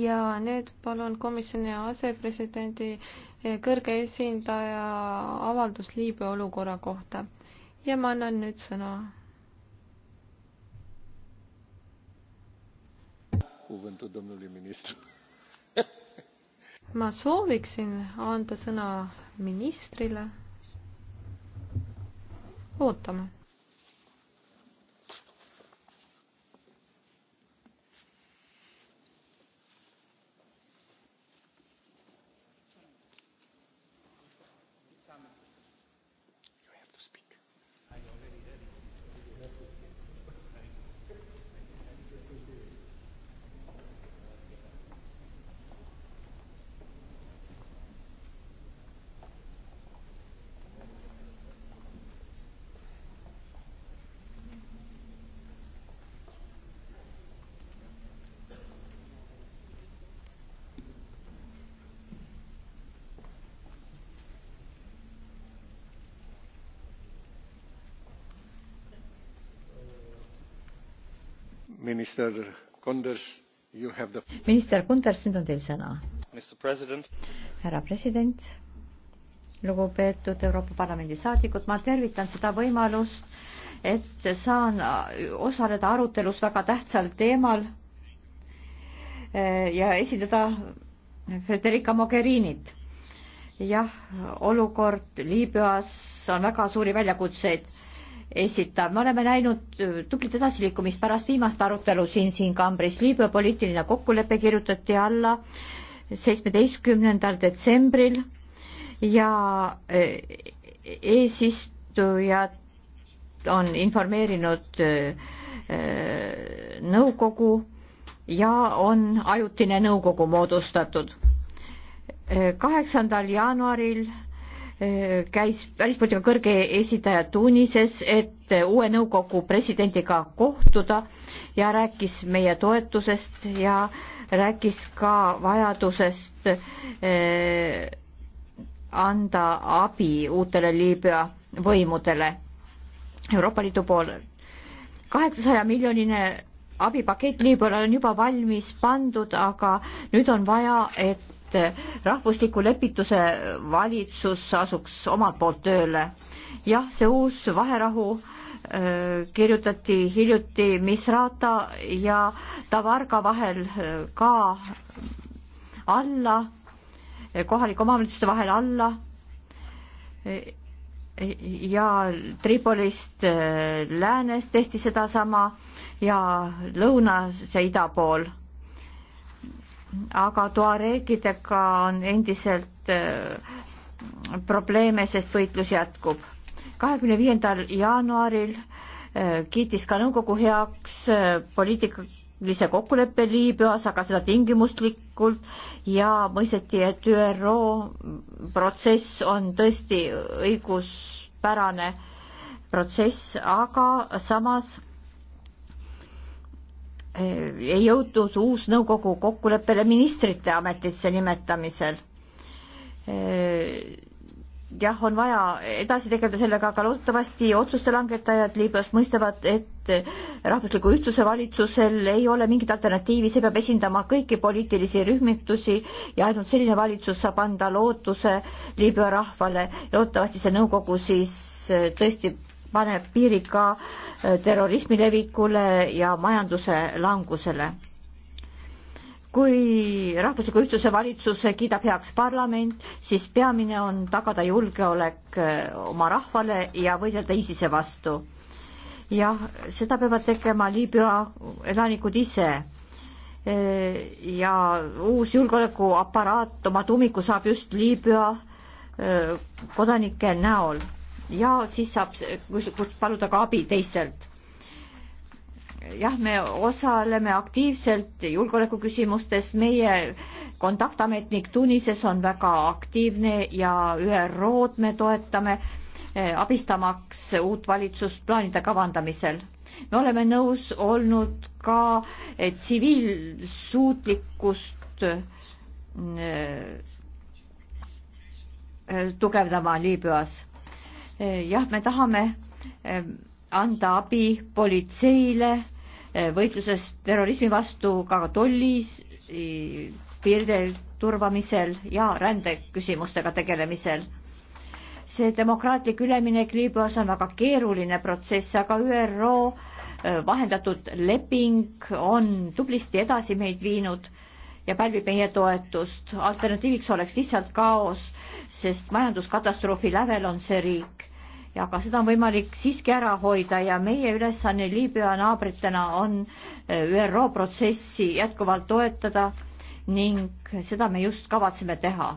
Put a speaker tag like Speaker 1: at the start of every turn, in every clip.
Speaker 1: ja nüüd palun komisjoni asepresidendi kõrge esindaja avaldus Liibüa olukorra kohta ja ma annan nüüd sõna. ma sooviksin anda sõna ministrile. ootame
Speaker 2: minister Konders, the... minister
Speaker 3: Kunders, nüüd on teil sõna. härra president, lugupeetud Euroopa Parlamendi saadikud, ma tervitan seda võimalust, et saan osaleda arutelus väga tähtsal teemal eh, ja esindada Frederica Mogherinit. jah, olukord Liibüas on väga suuri väljakutseid esitab. me oleme näinud äh, tublit edasiliikumist pärast viimast arutelu siin, siin kambris. Liibüa poliitiline kokkulepe kirjutati alla seitsmeteistkümnendal detsembril ja äh, eesistujad on informeerinud äh, nõukogu ja on ajutine nõukogu moodustatud. kaheksandal jaanuaril käis välispoliitika kõrge esindaja Tunises, et uue nõukogu presidendiga kohtuda ja rääkis meie toetusest ja rääkis ka vajadusest eh, anda abi uutele Liibüa võimudele Euroopa Liidu poolel. kaheksasaja miljoniline abipakett Liibüale on juba valmis pandud, aga nüüd on vaja, et et rahvusliku lepituse valitsus asuks omalt poolt tööle. jah, see uus vaherahu äh, kirjutati hiljuti Misrata ja Tavarga vahel äh, ka alla, kohalike omavalitsuste vahel alla ja Tripolist äh, läänes tehti sedasama ja lõunas ja ida pool aga tuareegidega on endiselt äh, probleeme, sest võitlus jätkub. kahekümne viiendal jaanuaril äh, kiitis ka nõukogu heaks äh, poliitilise kokkuleppe Liibüas, aga seda tingimuslikult ja mõisteti, et ÜRO protsess on tõesti õiguspärane protsess, aga samas Äh, ei jõutud uus nõukogu kokkuleppele ministrite ametisse nimetamisel. Äh, jah, on vaja edasi tegeleda sellega, aga loodetavasti otsuste langetajad Liibüas mõistavad, et rahvusliku ühtsuse valitsusel ei ole mingit alternatiivi, see peab esindama kõiki poliitilisi rühmitusi ja ainult selline valitsus saab anda lootuse Liibüa rahvale. loodetavasti see nõukogu siis tõesti paneb piiri ka äh, terrorismi levikule ja majanduse langusele. kui rahvusliku ühtsuse valitsuse kiidab heaks parlament, siis peamine on tagada julgeolek äh, oma rahvale ja võidelda ISISe vastu. jah, seda peavad tegema Liibüa elanikud ise äh, ja uus julgeolekuaparaat oma tuumiku saab just Liibüa kodanike näol ja siis saab paluda ka abi teistelt. jah, me osaleme aktiivselt julgeolekuküsimustes, meie kontaktametnik Tunises on väga aktiivne ja ÜRO-d me toetame, eh, abistamaks uut valitsust plaanide kavandamisel. me oleme nõus olnud ka eh, tsiviilsuutlikkust eh, tugevdama Liibüas Eh, jah, me tahame eh, anda abi politseile eh, võitluses terrorismi vastu, ka tollis, piiridel turvamisel ja rändeküsimustega tegelemisel see demokraatlik üleminek Liibüas on väga keeruline protsess, aga ÜRO vahendatud leping on tublisti edasi meid viinud ja pälvib meie toetust. alternatiiviks oleks lihtsalt kaos, sest majanduskatastroofi lävel on see riik ja ka seda on võimalik siiski ära hoida ja meie ülesanne Liibüa naabritena on eh, ÜRO protsessi jätkuvalt toetada ning seda me just kavatseme teha,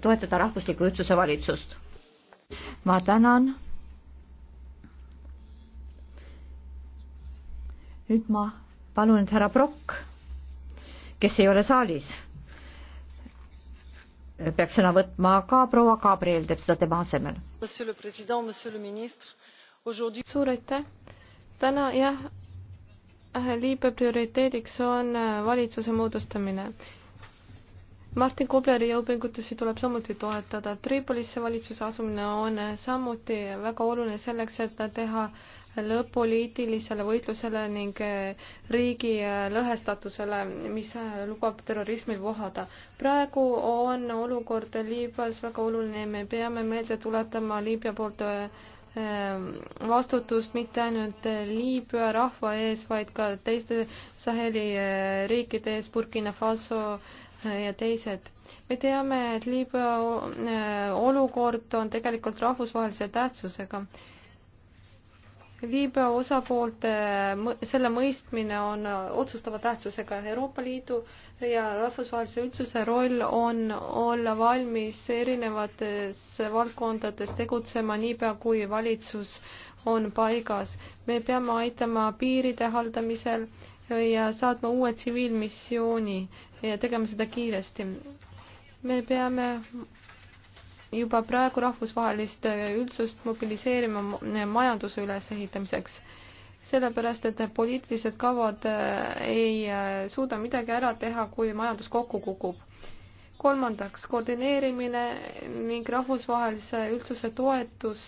Speaker 3: toetada rahvusliku ühtsuse valitsust. ma tänan. nüüd ma palun, et härra Prokk kes ei ole saalis, peaks sõna võtma ka proua Gabriel, teeb seda tema asemel.
Speaker 1: suur aitäh. täna jah, äh, liibe prioriteediks on äh, valitsuse moodustamine Martin Kobleri jõupingutusi tuleb samuti toetada. Tripolisse valitsuse asumine on äh, samuti väga oluline selleks, et teha lõpp-poliitilisele võitlusele ning eh, riigi eh, lõhestatusele, mis eh, lubab terrorismil vohada. praegu on olukord Liibüas väga oluline, me peame meelde tuletama Liibüa poolt vastutust mitte ainult Liibüa rahva ees, vaid ka teiste Saheli riikide ees, Burkina Faso ja teised. me teame, et Liibüa olukord on tegelikult rahvusvahelise tähtsusega Liibüa osapoolte selle mõistmine on otsustava tähtsusega. Euroopa Liidu ja rahvusvahelise üldsuse roll on olla valmis erinevates valdkondades tegutsema niipea, kui valitsus on paigas. me peame aitama piiride haldamisel ja saatma uue tsiviilmissiooni ja tegema seda kiiresti. me peame juba praegu rahvusvahelist äh, üldsust mobiliseerima äh, majanduse ülesehitamiseks. sellepärast, et poliitilised kavad äh, ei suuda midagi ära teha, kui majandus kokku kukub kolmandaks, koordineerimine ning rahvusvahelise üldsuse toetus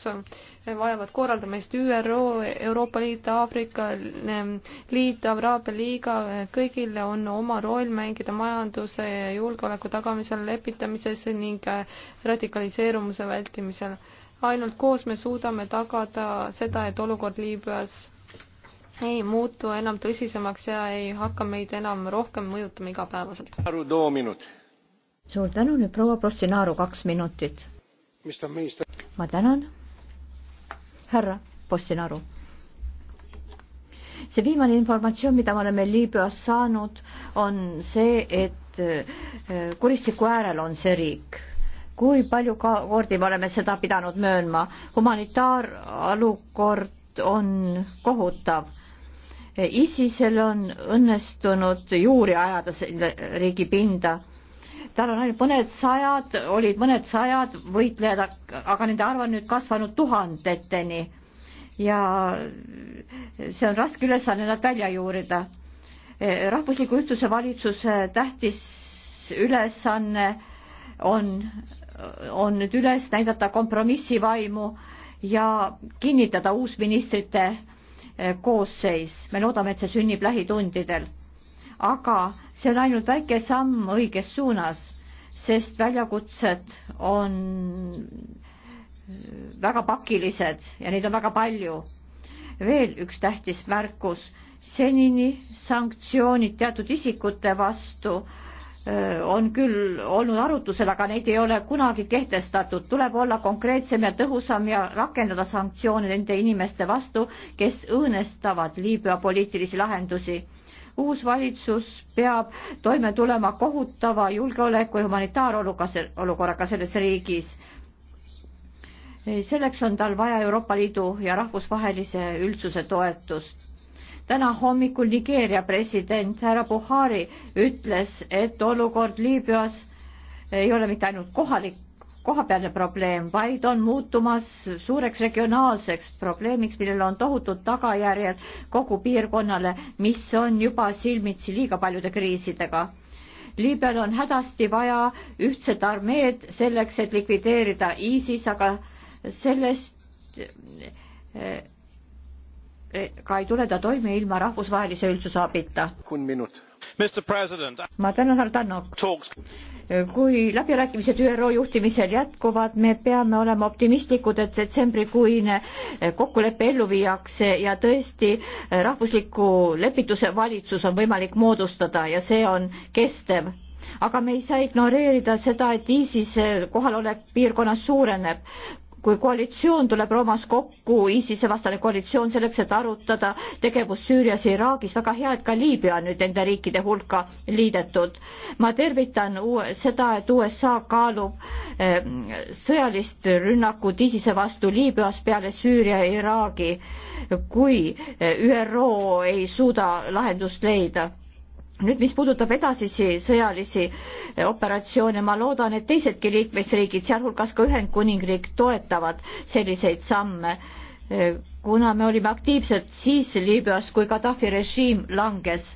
Speaker 1: vajavad korraldamist ÜRO, Euroopa Liit, Aafrika Liit, Araabia Liiga, kõigil on oma roll mängida majanduse ja julgeoleku tagamisel, lepitamises ning radikaliseerumise vältimisel. ainult koos me suudame tagada seda, et olukord Liibüas ei muutu enam tõsisemaks ja ei hakka meid enam rohkem mõjutama igapäevaselt.
Speaker 2: aru too minut
Speaker 3: suur tänu, nüüd proua Prostinaaru, kaks minutit. ma tänan, härra Prostinaaru. see viimane informatsioon, mida me oleme Liibüas saanud, on see, et eh, kuristiku äärel on see riik kui palju ka kordi me oleme seda pidanud möönma. humanitaarolukord on kohutav. Eh, ISISel on õnnestunud juuri ajada selle riigi pinda tal on ainult mõned sajad, olid mõned sajad võitlejad, aga nende arv on nüüd kasvanud tuhandeteni. ja see on raske ülesanne nad välja juurida. E, rahvusliku ühtsuse valitsuse tähtis ülesanne on, on nüüd üles näidata kompromissivaimu ja kinnitada uus ministrite e, koosseis. me loodame, et see sünnib lähitundidel aga see on ainult väike samm õiges suunas sest väljakutsed on väga pakilised ja neid on väga palju. veel üks tähtis märkus, senini sanktsioonid teatud isikute vastu on küll olnud arutusel, aga neid ei ole kunagi kehtestatud, tuleb olla konkreetsem ja tõhusam ja rakendada sanktsioone nende inimeste vastu, kes õõnestavad Liibüa poliitilisi lahendusi uus valitsus peab toime tulema kohutava julgeoleku ja humanitaarolukorraga selles riigis. selleks on tal vaja Euroopa Liidu ja rahvusvahelise üldsuse toetust täna hommikul Nigeeria president härra Buhari ütles, et olukord Liibüas ei ole mitte ainult kohalik kohapealne probleem, vaid on muutumas suureks regionaalseks probleemiks, millel on tohutud tagajärjed kogu piirkonnale, mis on juba silmitsi liiga paljude kriisidega. Liibüal on hädasti vaja ühtset armeed selleks, et likvideerida ISIS, aga sellest eh, eh, ka ei tule ta toime ilma rahvusvahelise üldsuse abita ma tänan, härra Tannok. kui läbirääkimised ÜRO juhtimisel jätkuvad, me peame olema optimistlikud, et detsembrikuine kokkulepe ellu viiakse ja tõesti rahvusliku lepituse valitsus on võimalik moodustada ja see on kestev aga me ei saa ignoreerida seda, et ISISe kohalolek piirkonnas suureneb kui koalitsioon tuleb Roomas kokku, ISISe vastane koalitsioon, selleks, et arutada tegevust Süürias ja Iraagis, väga hea, et ka Liibüa on nüüd nende riikide hulka liidetud. ma tervitan seda, et USA kaalub ehm, sõjalist rünnakut ISISe vastu Liibüas peale Süüria ja Iraagi, kui eh, ÜRO ei suuda lahendust leida nüüd, mis puudutab edasisi sõjalisi eh, operatsioone, ma loodan, et teisedki liikmesriigid, sealhulgas ka Ühendkuningriik, toetavad selliseid samme. Eh, kuna me olime aktiivsed siis Liibüas, kui Gaddafi režiim langes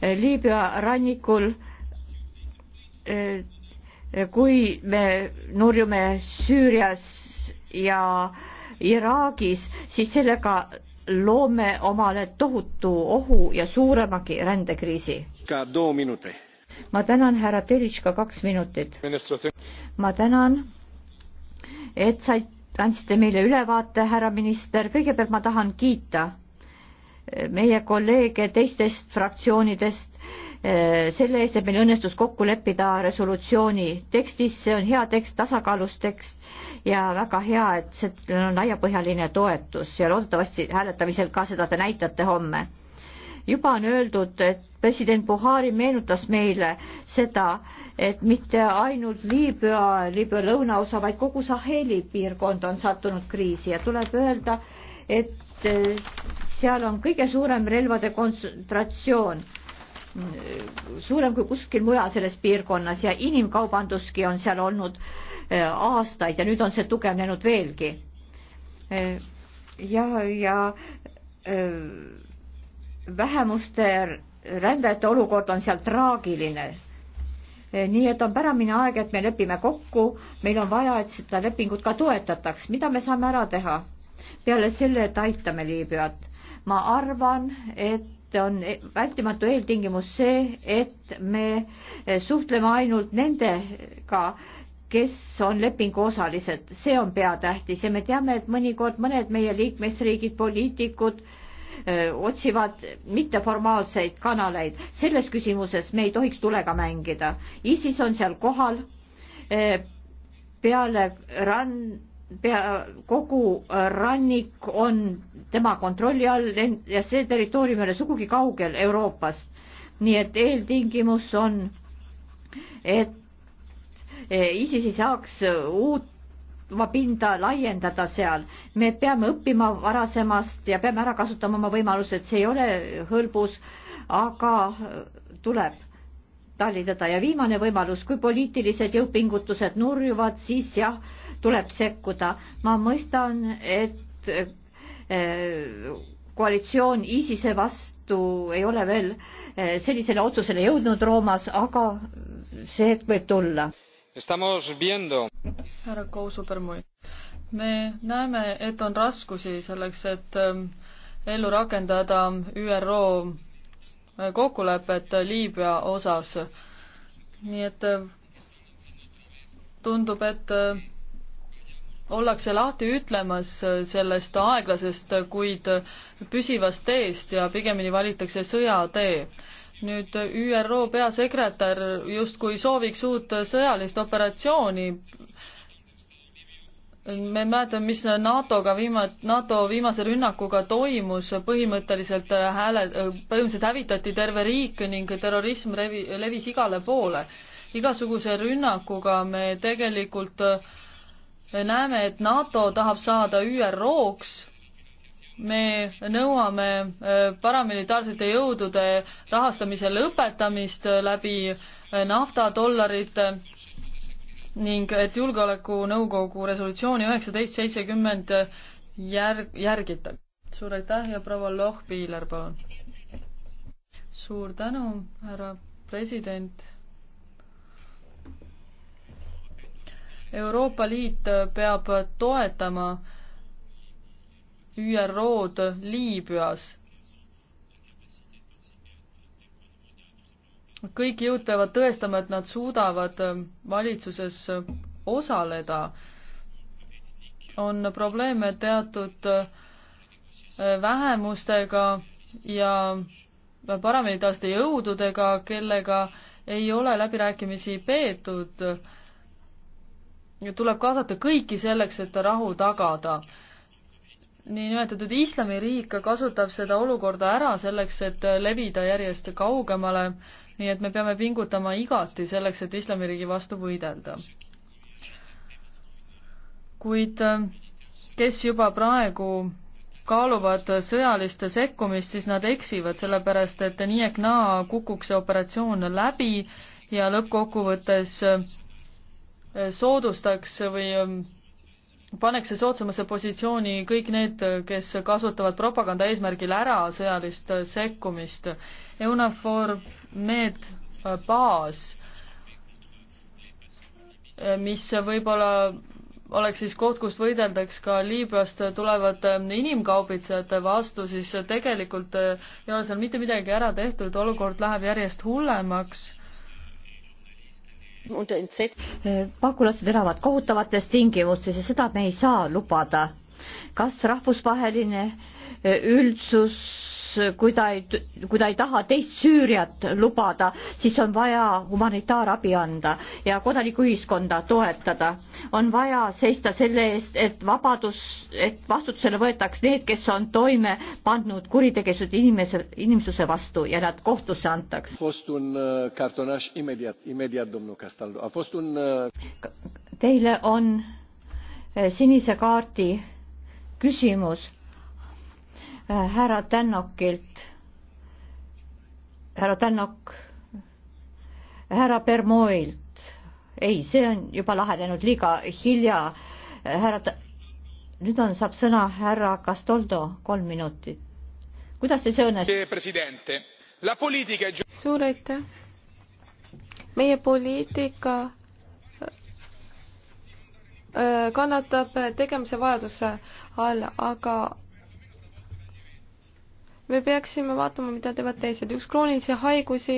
Speaker 3: eh, Liibüa rannikul, kui me nurjume Süürias ja Iraagis, siis sellega loome omale tohutu ohu ja suuremagi rändekriisi. ma tänan härra Telitška kaks minutit. ma tänan, et said, andsite meile ülevaate, härra minister, kõigepealt ma tahan kiita meie kolleege teistest fraktsioonidest Äh, selle eest, et meil õnnestus kokku leppida resolutsiooni tekstis, see on hea tekst, tasakaalus tekst ja väga hea, et sellel on laiapõhjaline toetus ja loodetavasti hääletamisel ka seda te näitate homme. juba on öeldud, et president Buhari meenutas meile seda, et mitte ainult Liibüa, Liibüa lõunaosa, vaid kogu Saheli piirkond on sattunud kriisi ja tuleb öelda, et äh, seal on kõige suurem relvade kontsentratsioon suurem kui kuskil mujal selles piirkonnas ja inimkaubanduski on seal olnud äh, aastaid ja nüüd on see tugevnenud veelgi. Äh, ja, ja äh, vähemuste rändajate olukord on seal traagiline nii et on päramine aeg, et me lepime kokku, meil on vaja, et seda lepingut ka toetataks, mida me saame ära teha? peale selle, et aitame Liibüat. ma arvan, et on e- vältimatu eeltingimus see, et me suhtleme ainult nendega, kes on lepingu osalised, see on peatähtis ja me teame, et mõnikord mõned meie liikmesriigid, poliitikud öö, otsivad mitteformaalseid kanaleid. selles küsimuses me ei tohiks tulega mängida. ISIS on seal kohal öö, peale ran-, pea, kogu äh, rannik on tema kontrolli all ja see territoorium ei ole sugugi kaugel Euroopast. nii et eeltingimus on, et äh, ISIS ei saaks äh, uut oma pinda laiendada seal. me peame õppima varasemast ja peame ära kasutama oma võimalused, see ei ole hõlbus, aga tuleb talitada ja viimane võimalus, kui poliitilised jõupingutused nurjuvad, siis jah tuleb sekkuda. ma mõistan, et äh, koalitsioon ISISe vastu ei ole veel äh, sellisele otsusele jõudnud Roomas, aga see hetk võib tulla.
Speaker 4: härra Kousu-Permui, me näeme, et on raskusi selleks, et ähm, ellu rakendada ÜRO äh, kokkulepet Liibüa osas. nii et tundub, et ollakse lahti ütlemas äh, sellest aeglasest, kuid püsivast teest ja pigemini valitakse sõjatee. nüüd äh, ÜRO peasekretär justkui sooviks uut äh, sõjalist operatsiooni me mäletame, mis NATO-ga viima-, NATO viimase rünnakuga toimus, põhimõtteliselt hääle, põhimõtteliselt hävitati terve riik ning terrorism revi-, levis igale poole. igasuguse rünnakuga me tegelikult äh, näeme, et NATO tahab saada ÜRO-ks. me nõuame äh, paramilitaarsete jõudude rahastamise lõpetamist äh, läbi äh, naftadollarite ning et Julgeolekunõukogu resolutsiooni üheksateist seitsekümmend järg, järgita. suur aitäh ja proua Lohpiiler, palun. suur tänu, härra president Euroopa Liit peab toetama ÜRO-d Liibüas. kõik jõud peavad tõestama, et nad suudavad valitsuses osaleda. on probleeme teatud vähemustega ja paramilitaaste jõududega, kellega ei ole läbirääkimisi peetud tuleb kaasata kõiki selleks, et rahu tagada. niinimetatud islamiriik kasutab seda olukorda ära selleks, et levida järjest kaugemale, nii et me peame pingutama igati selleks, et islamiriigi vastu võidelda. kuid äh, kes juba praegu kaaluvad sõjalist sekkumist, siis nad eksivad, sellepärast et nii ehk naa kukuks see operatsioon läbi ja lõppkokkuvõttes soodustaks või ähm, paneks see soodsamasse positsiooni kõik need, kes kasutavad propaganda eesmärgil ära sõjalist äh, sekkumist. EUNAFOR Med äh, baas, äh, mis võib-olla oleks siis koht, kust võideldaks ka Liibüast tulevate ähm, inimkaubitsejate vastu, siis tegelikult ei ole seal mitte midagi ära tehtud, olukord läheb järjest hullemaks
Speaker 3: pagulased elavad kohutavates tingimustes ja seda me ei saa lubada. kas rahvusvaheline üldsus kui ta ei, kui ta ei taha teist Süüriat lubada, siis on vaja humanitaarabi anda ja kodanikuühiskonda toetada. on vaja seista selle eest, et vabadus, et vastutusele võetaks need, kes on toime pannud kuritegelised inimese, inimsuse vastu ja nad kohtusse antaks. Uh,
Speaker 2: uh,
Speaker 3: Teile on eh, sinise kaardi küsimus Äh, härra Tännokilt. härra Tännok, härra Bermoilt. ei, see on juba lahenenud liiga hilja. Äh, härra, nüüd on, saab sõna härra Castoldo, kolm minutit.
Speaker 1: kuidas teil see õnnestus? suur aitäh. meie poliitika äh, kannatab tegemise vajaduse all, aga me peaksime vaatama, mida teevad teised. üks kroonilisi haigusi,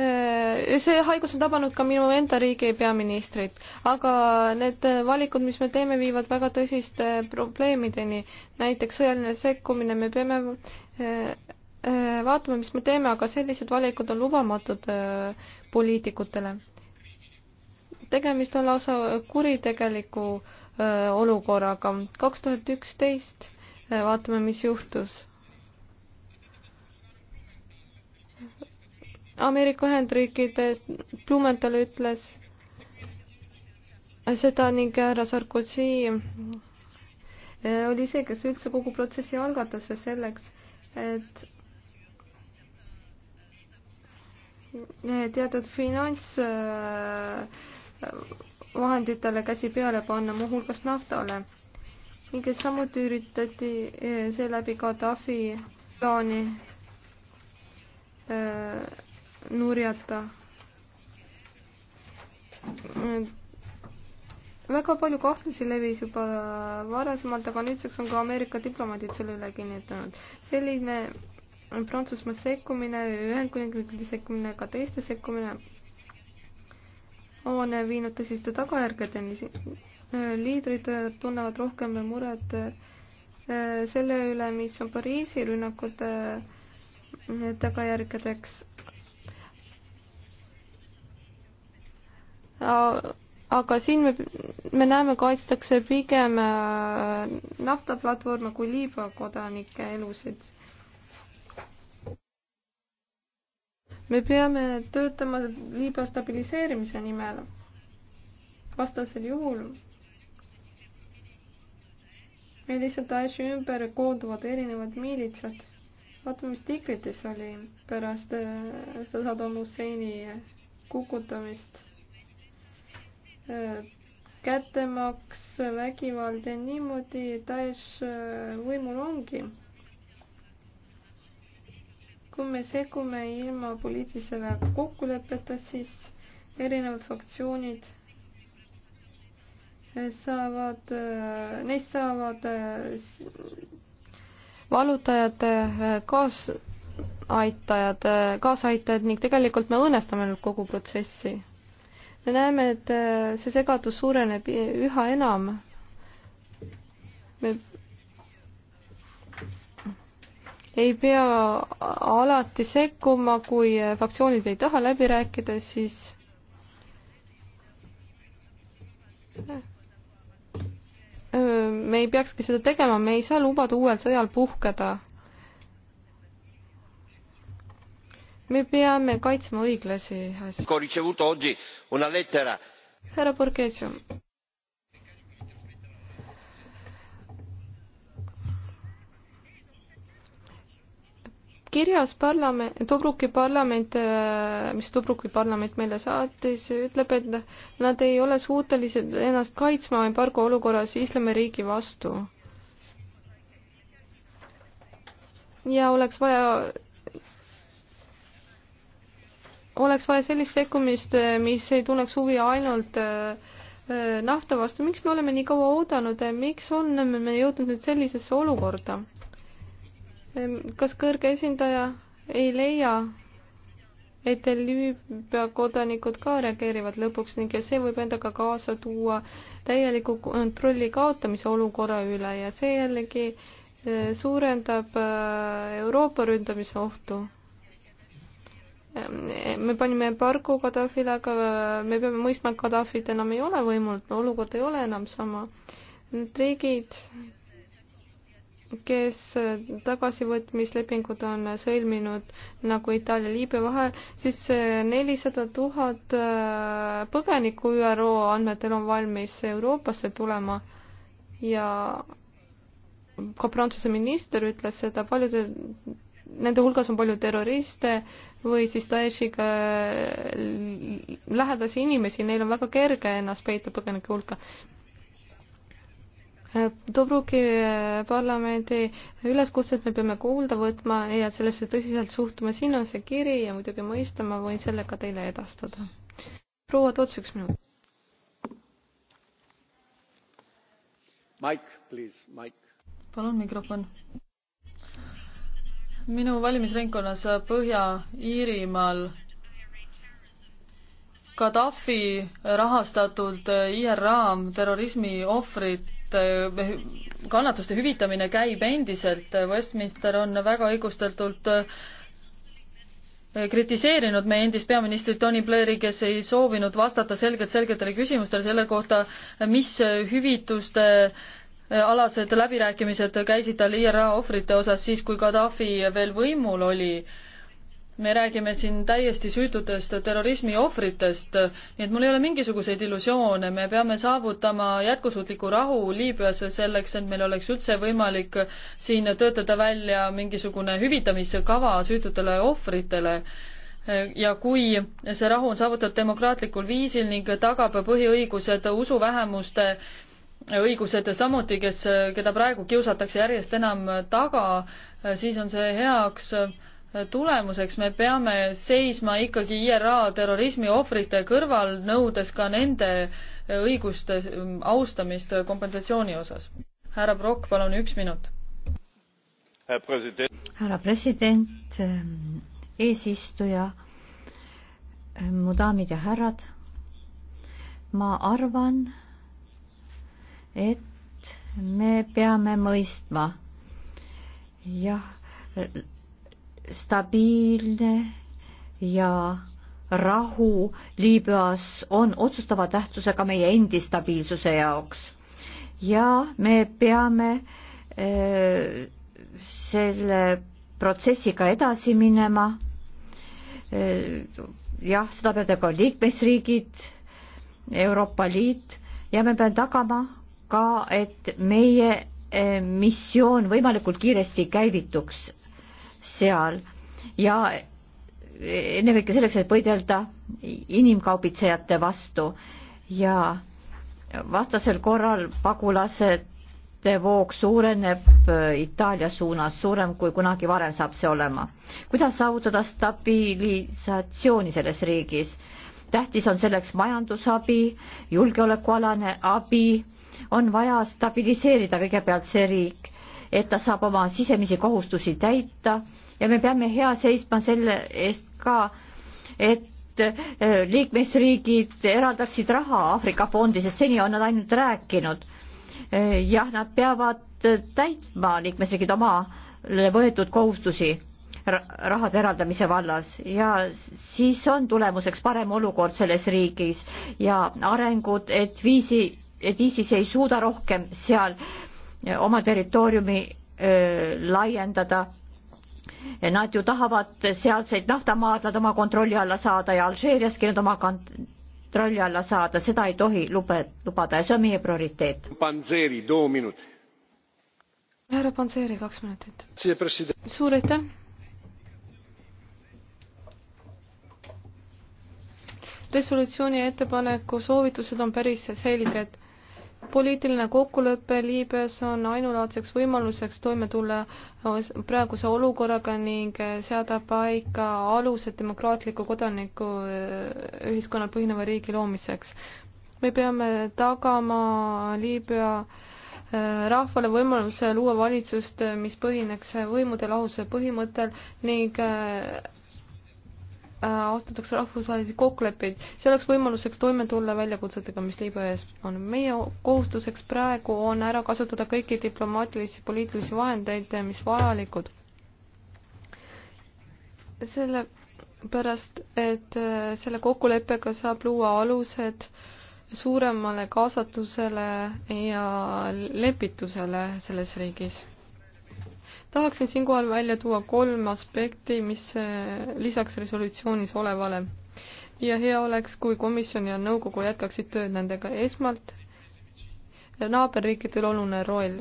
Speaker 1: äh, see haigus on tabanud ka minu enda riigi peaministrit, aga need valikud, mis me teeme, viivad väga tõsiste probleemideni. näiteks sõjaline sekkumine, me peame äh, äh, vaatama, mis me teeme, aga sellised valikud on lubamatud poliitikutele. tegemist on lausa kuritegeliku olukorraga. kaks tuhat üksteist Eh, vaatame, mis juhtus. Ameerika Ühendriikides Blumenthal ütles seda ning härra Sarkozy eh, oli see, kes üldse kogu protsessi algatas ja selleks, et eh, teatud finantsvahenditele käsi peale panna, muuhulgas naftale ning samuti üritati eh, seeläbi Gaddafi plaani eh, nurjata. väga palju kahtlusi levis juba varasemalt, aga nüüdseks on ka Ameerika diplomaadid selle üle kinnitanud. selline Prantsusmaa sekkumine, Ühendkuningriigi sekkumine, ka teiste sekkumine on viinud tõsiste tagajärgedeni liidrid äh, tunnevad rohkem muret äh, selle üle, mis on Pariisi rünnakute äh, tagajärgedeks. aga siin me, me näeme, kaitstakse pigem naftaplatvorme kui Liibüa kodanike elusid. me peame töötama Liibüa stabiliseerimise nimel. vastasel juhul lihtsalt Daeshi ümber koonduvad erinevad miilitsad. vaatame, mis Tikritis oli pärast äh, Saddam Husseini kukutamist. Äh, kättemaks, vägivald ja niimoodi Daesh äh, võimul ongi. kui me segume ilma poliitilisele kokkuleppeta, siis erinevad fraktsioonid saavad, neist saavad valutajad, kaasaitajad, kaasaaitajad ning tegelikult me õõnestame nüüd kogu protsessi. me näeme, et see segadus suureneb üha enam. me ei pea alati sekkuma, kui fraktsioonid ei taha läbi rääkida, siis me ei peakski seda tegema, me ei saa lubada uuel sõjal puhkeda. me peame kaitsma õiglasi asju. härra Borghezio, kirjas parlament, Tobruki äh, parlament, mis Tobruki parlament meile saatis, ütleb, et nad ei ole suutelised ennast kaitsma embargo olukorras Islamiriigi vastu. ja oleks vaja, oleks vaja sellist sekkumist, mis ei tunneks huvi ainult äh, nafta vastu, miks me oleme nii kaua oodanud, miks on me jõudnud nüüd sellisesse olukorda? kas kõrge esindaja ei leia, et Liibüa kodanikud ka reageerivad lõpuks ning see võib endaga kaasa tuua täieliku kontrolli kaotamise olukorra üle ja see jällegi e, suurendab e, Euroopa ründamise ohtu. E, me panime pargu Gaddafile, aga me peame mõistma, et Gaddafit enam ei ole võimul, olukord ei ole enam sama. Need riigid kes äh, tagasivõtmislepingud on sõlminud nagu Itaalia ja Liibüa vahel, siis äh, nelisada tuhat äh, põgenikku ÜRO andmetel on valmis Euroopasse tulema ja ka Prantsuse minister ütles seda, paljude, nende hulgas on palju terroriste või siis Daeshiga lähedasi inimesi, neil on väga kerge ennast peita põgenike hulka. Tobruki eh, parlamendi üleskutset me peame kuulda võtma ja sellesse tõsiselt suhtuma, siin on see kiri ja muidugi mõista, ma võin selle ka teile edastada. proua Toots, üks minut.
Speaker 4: Mike, please, Mike. palun mikrofon. minu valimisringkonnas Põhja-Iirimaal Gaddafi rahastatud IRA terrorismi ohvrid et äh, kannatuste hüvitamine käib endiselt, Westminster on väga õigustatult äh, kritiseerinud meie endist peaministrit Tony Blairi, kes ei soovinud vastata selgelt selgetele küsimustele selle kohta, mis hüvituste äh, alased läbirääkimised käisid tal IRA ohvrite osas siis, kui Gaddafi veel võimul oli me räägime siin täiesti süütutest terrorismi ohvritest, nii et mul ei ole mingisuguseid illusioone, me peame saavutama jätkusuutliku rahu Liibüas selleks, et meil oleks üldse võimalik siin töötada välja mingisugune hüvitamiskava süütutele ohvritele. ja kui see rahu on saavutatud demokraatlikul viisil ning tagab põhiõigused usuvähemuste õigused samuti, kes, keda praegu kiusatakse järjest enam taga, siis on see heaks tulemuseks me peame seisma ikkagi IRA terrorismi ohvrite kõrval, nõudes ka nende äh, õiguste ähm, austamist äh, kompensatsiooni osas. härra Brock, palun üks minut.
Speaker 3: härra president, ähm, eesistuja, ähm, mu daamid ja härrad, ma arvan, et me peame mõistma, jah, stabiilne ja rahu Liibüas on otsustava tähtsusega meie endi stabiilsuse jaoks. ja me peame öö, äh, selle protsessiga edasi minema. Äh, jah, seda peavad tegema liikmesriigid, Euroopa Liit ja me peame tagama ka, et meie äh, missioon võimalikult kiiresti käivituks seal ja ennekõike selleks, et võidelda inimkaubitsejate vastu ja vastasel korral pagulasete voog suureneb Itaalia suunas, suurem kui kunagi varem saab see olema. kuidas saavutada stabilisatsiooni selles riigis? tähtis on selleks majandusabi, julgeolekualane abi, on vaja stabiliseerida kõigepealt see riik et ta saab oma sisemisi kohustusi täita ja me peame hea seisma selle eest ka, et äh, liikmesriigid eraldaksid raha Aafrika fondi, sest seni on nad ainult rääkinud. Äh, jah, nad peavad täitma liikmesriigid omale võetud kohustusi rahade eraldamise vallas ja siis on tulemuseks parem olukord selles riigis ja arengud, et viisi, et ISIS ei suuda rohkem seal oma territooriumi laiendada. Nad ju tahavad sealseid naftamaadlad oma kontrolli alla saada ja Alžeeriaski nad oma kontrolli alla saada, seda ei tohi lube, lubada ja see on meie prioriteet.
Speaker 2: Panseri, too minut.
Speaker 1: härra Panseri, kaks minutit. suur aitäh. resolutsiooni ettepaneku soovitused on päris selged poliitiline kokkulepe Liibüas on ainulaadseks võimaluseks toime tulla praeguse olukorraga ning seada paika alused demokraatliku kodaniku eh, ühiskonnal põhineva riigi loomiseks. me peame tagama Liibüa eh, rahvale võimaluse luua valitsust, mis põhineks võimude lahususe põhimõttel ning eh, Äh, austatakse rahvusvahelisi kokkuleppeid, see oleks võimaluseks toime tulla väljakutsetega, mis Liibüa ees on. meie kohustuseks praegu on ära kasutada kõiki diplomaatilisi, poliitilisi vahendeid, mis vajalikud. sellepärast, et äh, selle kokkuleppega saab luua alused suuremale kaasatusele ja lepitusele selles riigis tahaksin siinkohal välja tuua kolm aspekti, mis eh, lisaks resolutsioonis olevale ja hea oleks, kui komisjon ja nõukogu jätkaksid tööd nendega. esmalt naaberriikidel oluline roll.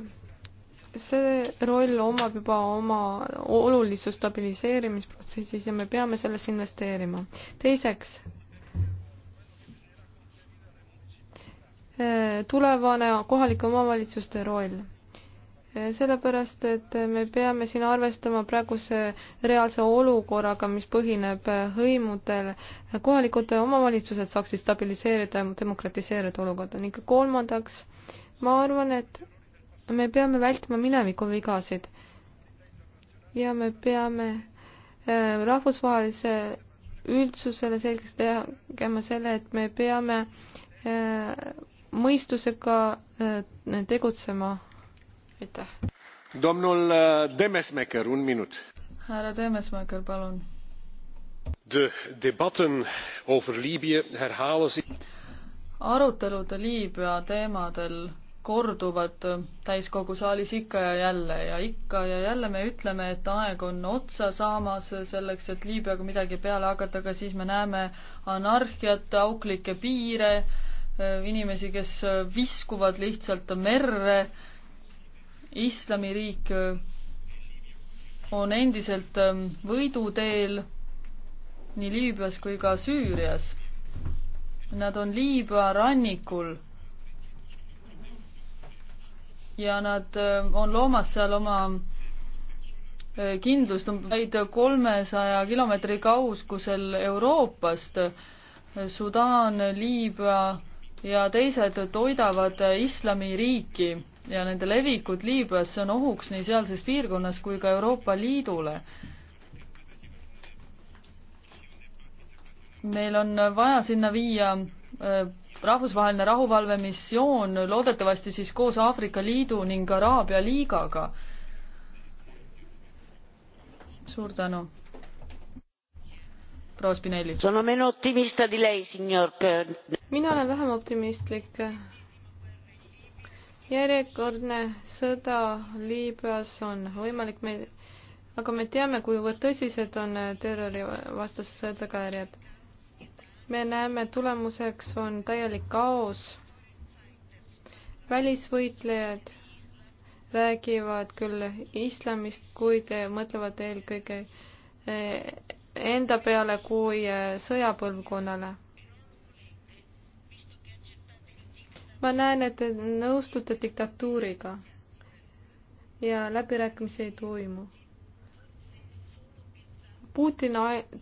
Speaker 1: see roll omab juba oma olulisust stabiliseerimisprotsessis ja me peame sellesse investeerima. teiseks, eh, tulevane kohalike omavalitsuste roll sellepärast, et me peame siin arvestama praeguse reaalse olukorraga, mis põhineb hõimudel. kohalikud omavalitsused saaksid stabiliseerida ja demokratiseerida olukorda ning kolmandaks, ma arvan, et me peame vältima mineviku vigasid. ja me peame äh, rahvusvahelise üldsusele selgeks tegema selle, et me peame äh, mõistusega äh, tegutsema aitäh.
Speaker 2: Domnul uh, Demesmaeker, un minut.
Speaker 4: härra Demesmaeker, palun.
Speaker 2: De debatten over Liibüa herhalen zich.
Speaker 4: arutelud Liibüa teemadel korduvad täiskogu saalis ikka ja jälle ja ikka ja jälle me ütleme, et aeg on otsa saamas selleks, et Liibüaga midagi peale hakata, aga siis me näeme anarhiat, auklikke piire, inimesi, kes viskuvad lihtsalt merre islamiriik äh, on endiselt ähm, võiduteel nii Liibüas kui ka Süürias. Nad on Liibüa rannikul ja nad äh, on loomas seal oma äh, kindlust, on um-, vaid kolmesaja kilomeetri kaugusel Euroopast. Sudaan, Liibüa ja teised toidavad islamiriiki ja nende levikud Liibüas, see on ohuks nii sealses piirkonnas kui ka Euroopa Liidule. meil on vaja sinna viia äh, rahvusvaheline rahuvalvemissioon, loodetavasti siis koos Aafrika Liidu ning Araabia Liigaga. suur tänu. proua Spinelli.
Speaker 1: mina olen vähem optimistlik järjekordne sõda Liibüas on võimalik meil, aga me teame, kuivõrd tõsised on terrorivastase sõda tagajärjed. me näeme, tulemuseks on täielik kaos. välisvõitlejad räägivad küll islamist, kuid mõtlevad eelkõige eh, enda peale kui eh, sõjapõlvkonnale ma näen, et te nõustute diktatuuriga ja läbirääkimisi ei toimu. Putin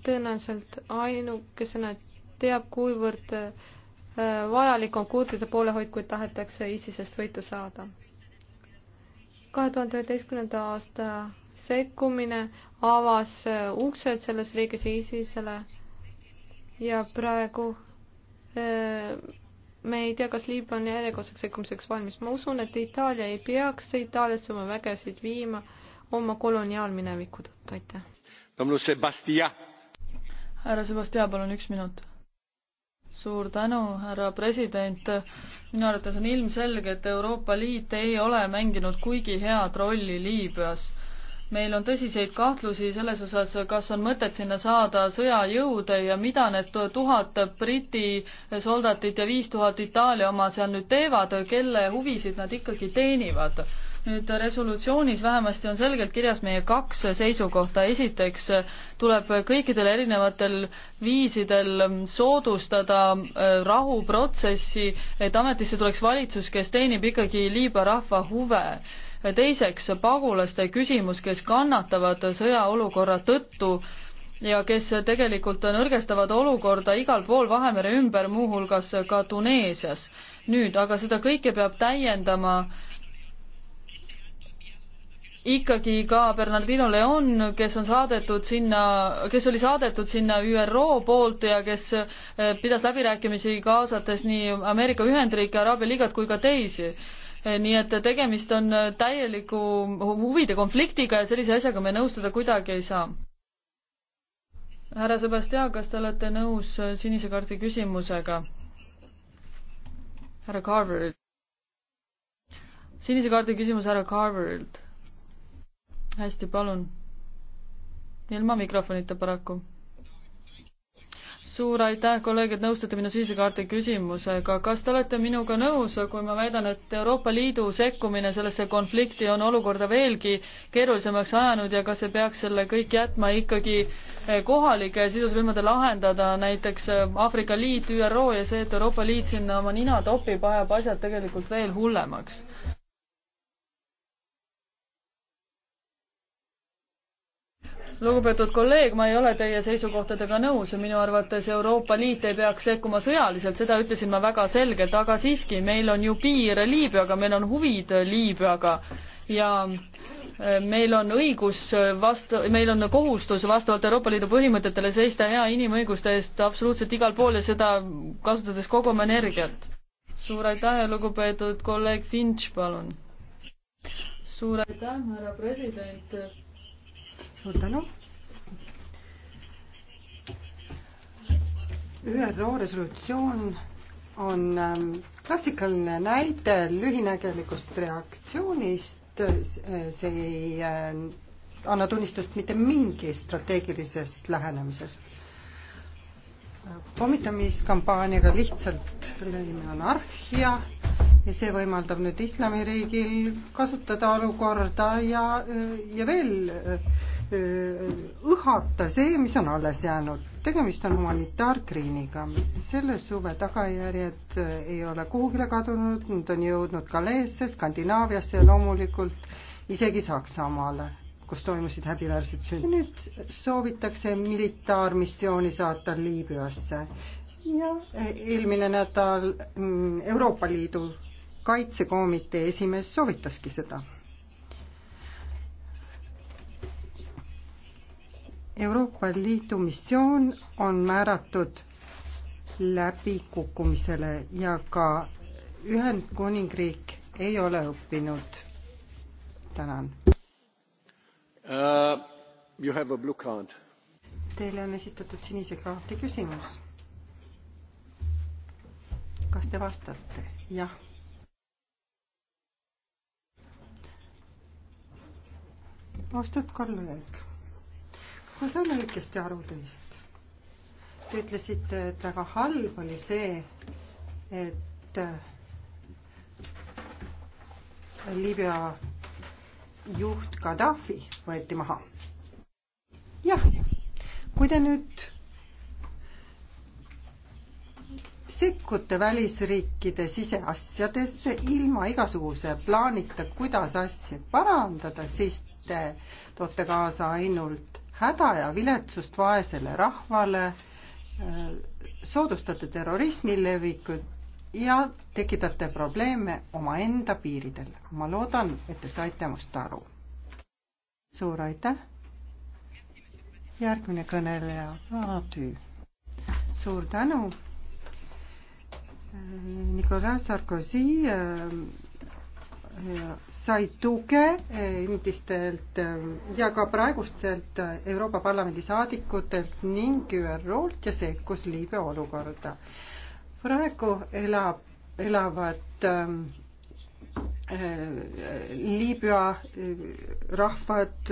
Speaker 1: tõenäoliselt ainukesena teab, kuivõrd äh, vajalik on kurdide poolehoid, kui tahetakse ISISest võitu saada. kahe tuhande üheteistkümnenda aasta sekkumine avas äh, uksed selles riigis ISISele ja praegu äh, me ei tea, kas Liibüa on järjekordseks sekkumiseks valmis. ma usun, et Itaalia ei peaks Itaaliasse oma vägesid viima oma koloniaalmineviku tõttu, aitäh. härra Sebastia, palun üks minut.
Speaker 4: suur tänu, härra president. minu arvates on ilmselge, et Euroopa Liit ei ole mänginud kuigi head rolli Liibüas meil on tõsiseid kahtlusi selles osas, kas on mõtet sinna saada sõjajõude ja mida need tuhat Briti soldatit ja viis tuhat Itaalia oma seal nüüd teevad, kelle huvisid nad ikkagi teenivad. nüüd resolutsioonis vähemasti on selgelt kirjas meie kaks seisukohta, esiteks tuleb kõikidel erinevatel viisidel soodustada äh, rahuprotsessi, et ametisse tuleks valitsus, kes teenib ikkagi Liibüa rahva huve teiseks, pagulaste küsimus, kes kannatavad sõjaolukorra tõttu ja kes tegelikult nõrgestavad olukorda igal pool Vahemere ümber, muuhulgas ka Tuneesias. nüüd aga seda kõike peab täiendama ikkagi ka Bernardino Leon, kes on saadetud sinna, kes oli saadetud sinna ÜRO poolt ja kes eh, pidas läbirääkimisi kaasates nii Ameerika Ühendriike, Araabia liigat kui ka teisi nii et tegemist on äh, täieliku huvide konfliktiga ja sellise asjaga me nõustuda kuidagi ei saa. härra Sebastian, kas te olete nõus äh, sinise kaardi küsimusega? härra Carverilt. sinise kaardi küsimus härra Carverilt. hästi, palun. ilma mikrofonita paraku suur aitäh, kolleeg, et nõustute minu sisekaarti küsimusega. kas te olete minuga nõus, kui ma väidan, et Euroopa Liidu sekkumine sellesse konflikti on olukorda veelgi keerulisemaks ajanud ja kas ei peaks selle kõik jätma ikkagi eh, kohalike sidusrühmade lahendada, näiteks eh, Aafrika Liit, ÜRO ja see, et Euroopa Liit sinna oma nina topib, ajab asjad tegelikult veel hullemaks? lugupeetud kolleeg, ma ei ole teie seisukohtadega nõus ja minu arvates Euroopa Liit ei peaks sekkuma sõjaliselt, seda ütlesin ma väga selgelt, aga siiski, meil on ju piir Liibüaga, meil on huvid Liibüaga ja eh, meil on õigus vastu, meil on kohustus vastavalt Euroopa Liidu põhimõtetele seista hea inimõiguste eest absoluutselt igal pool ja seda kasutades kogu oma energiat. suur aitäh ja lugupeetud kolleeg Finch, palun. suur aitäh, härra president
Speaker 5: suur tänu. ÜRO resolutsioon on klassikaline ähm, näide lühinägelikust reaktsioonist, see ei äh, anna tunnistust mitte mingi strateegilisest lähenemisest. pommitamiskampaaniaga lihtsalt lõime anarhia ja see võimaldab nüüd islamiriigil kasutada olukorda ja, ja veel äh, Äh, õhata see, mis on alles jäänud. tegemist on humanitaarkriiniga. selle suve tagajärjed äh, ei ole kuhugile kadunud, nad on jõudnud Galeesse, Skandinaaviasse ja loomulikult isegi Saksamaale, kus toimusid häbiväärsed sündmused. nüüd soovitakse militaarmissiooni saata Liibüasse ja äh, eelmine nädal mm, Euroopa Liidu kaitsekomitee esimees soovitaski seda Euroopa Liidu missioon on määratud läbikukkumisele ja ka Ühendkuningriik ei ole õppinud. tänan
Speaker 2: uh,.
Speaker 5: Teile on esitatud sinise kaardi küsimus. kas te vastate? jah. austatud kolleeg ma sain õigesti aru teist. Te ütlesite, et väga halb oli see, et äh, Liibüa juht Gaddafi võeti maha. jah, kui te nüüd sekkute välisriikide siseasjadesse ilma igasuguse plaanita, kuidas asja parandada, siis te toote kaasa ainult häda ja viletsust vaesele rahvale, äh, soodustate terrorismi levikut ja tekitate probleeme omaenda piiridel. ma loodan, et te saite must aru. suur aitäh. järgmine kõneleja, Aadü. suur tänu. Äh, Nicolas Sarkozy äh, sai tuge endistelt eh, eh, ja ka praegustelt eh, Euroopa Parlamendi saadikutelt ning ÜRO-lt ja sekkus Liibüa olukorda. praegu elab, elavad Liibüa rahvad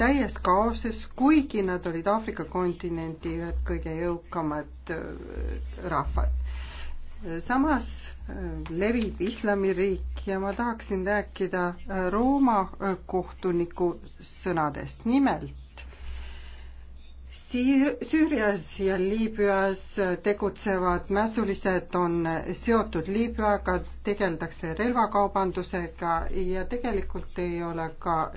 Speaker 5: täies kaoses, kuigi nad olid Aafrika kontinendi ühed kõige jõukamad rahvad. samas levib islamiriik ja ma tahaksin rääkida äh, Rooma äh, kohtuniku sõnadest. nimelt Süürias ja Liibüas äh, tegutsevad mässulised on seotud Liibüaga, tegeldakse relvakaubandusega ja tegelikult ei ole ka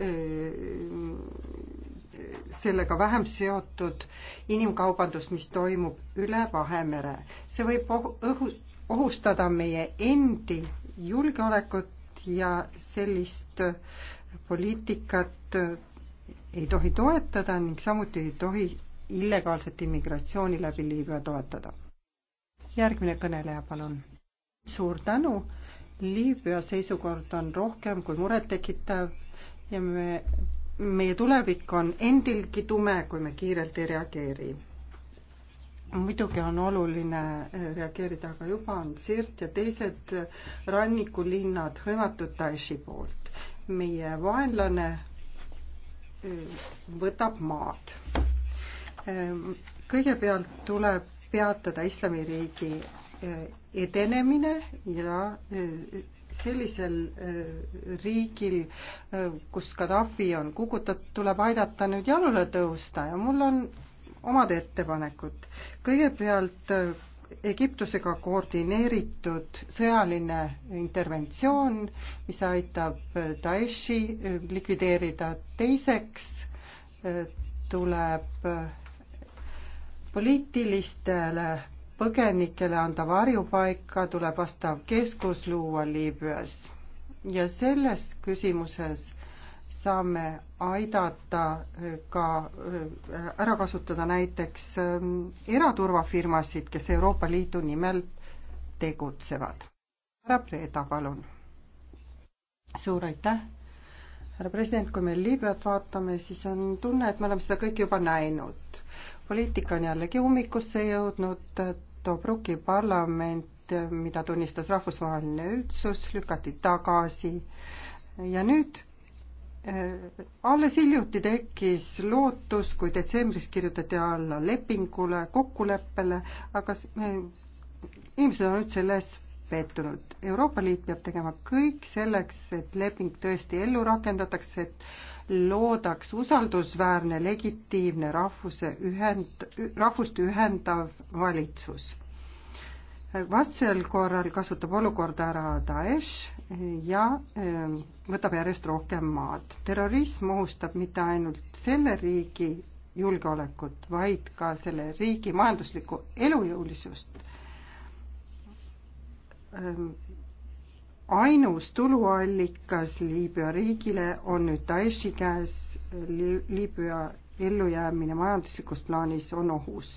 Speaker 5: sellega vähem seotud inimkaubandus, mis toimub üle Vahemere. see võib ohu, ohustada meie endi julgeolekut ja sellist poliitikat ei tohi toetada ning samuti ei tohi illegaalset immigratsiooni läbi Liibüa toetada. järgmine kõneleja, palun. suur tänu. Liibüa seisukord on rohkem kui murettekitav ja me, meie tulevik on endilgi tume, kui me kiirelt ei reageeri muidugi on oluline eh, reageerida, aga juba on Sirt ja teised eh, rannikulinnad hõivatud Daeshi poolt. meie vaenlane eh, võtab maad. kõigepealt tuleb peatada islamiriigi edenemine ja sellisel riigil, kus Gaddafi on kukutatud, tuleb aidata nüüd jalule tõusta ja mul on omad ettepanekud. kõigepealt äh, Egiptusega koordineeritud sõjaline interventsioon, mis aitab äh, Daeshi äh, likvideerida. teiseks tuleb poliitilistele põgenikele anda varjupaika, tuleb vastav keskus luua Liibüas. ja selles küsimuses saame aidata eh, ka eh, ära kasutada näiteks eh, eraturvafirmasid, kes Euroopa Liidu nimel tegutsevad. härra Preeda, palun. suur aitäh, härra president, kui me Liibüat vaatame, siis on tunne, et me oleme seda kõike juba näinud. poliitika on jällegi ummikusse jõudnud, Tobruki parlament, mida tunnistas rahvusvaheline üldsus, lükati tagasi ja nüüd Äh, alles hiljuti tekkis lootus, kui detsembris kirjutati alla lepingule, kokkuleppele, aga inimesed on nüüd selles pettunud. Euroopa Liit peab tegema kõik selleks, et leping tõesti ellu rakendatakse, et loodaks usaldusväärne, legitiimne rahvuse ühend, rahvust ühendav valitsus vastsel korral kasutab olukorda ära Daesh ja ähm, võtab järjest rohkem maad. terrorism ohustab mitte ainult selle riigi julgeolekut, vaid ka selle riigi majanduslikku elujõulisust. Ähm, ainus tuluallikas Liibüa riigile on nüüd Daeshi käes Li, Liibüa ellujäämine majanduslikus plaanis on ohus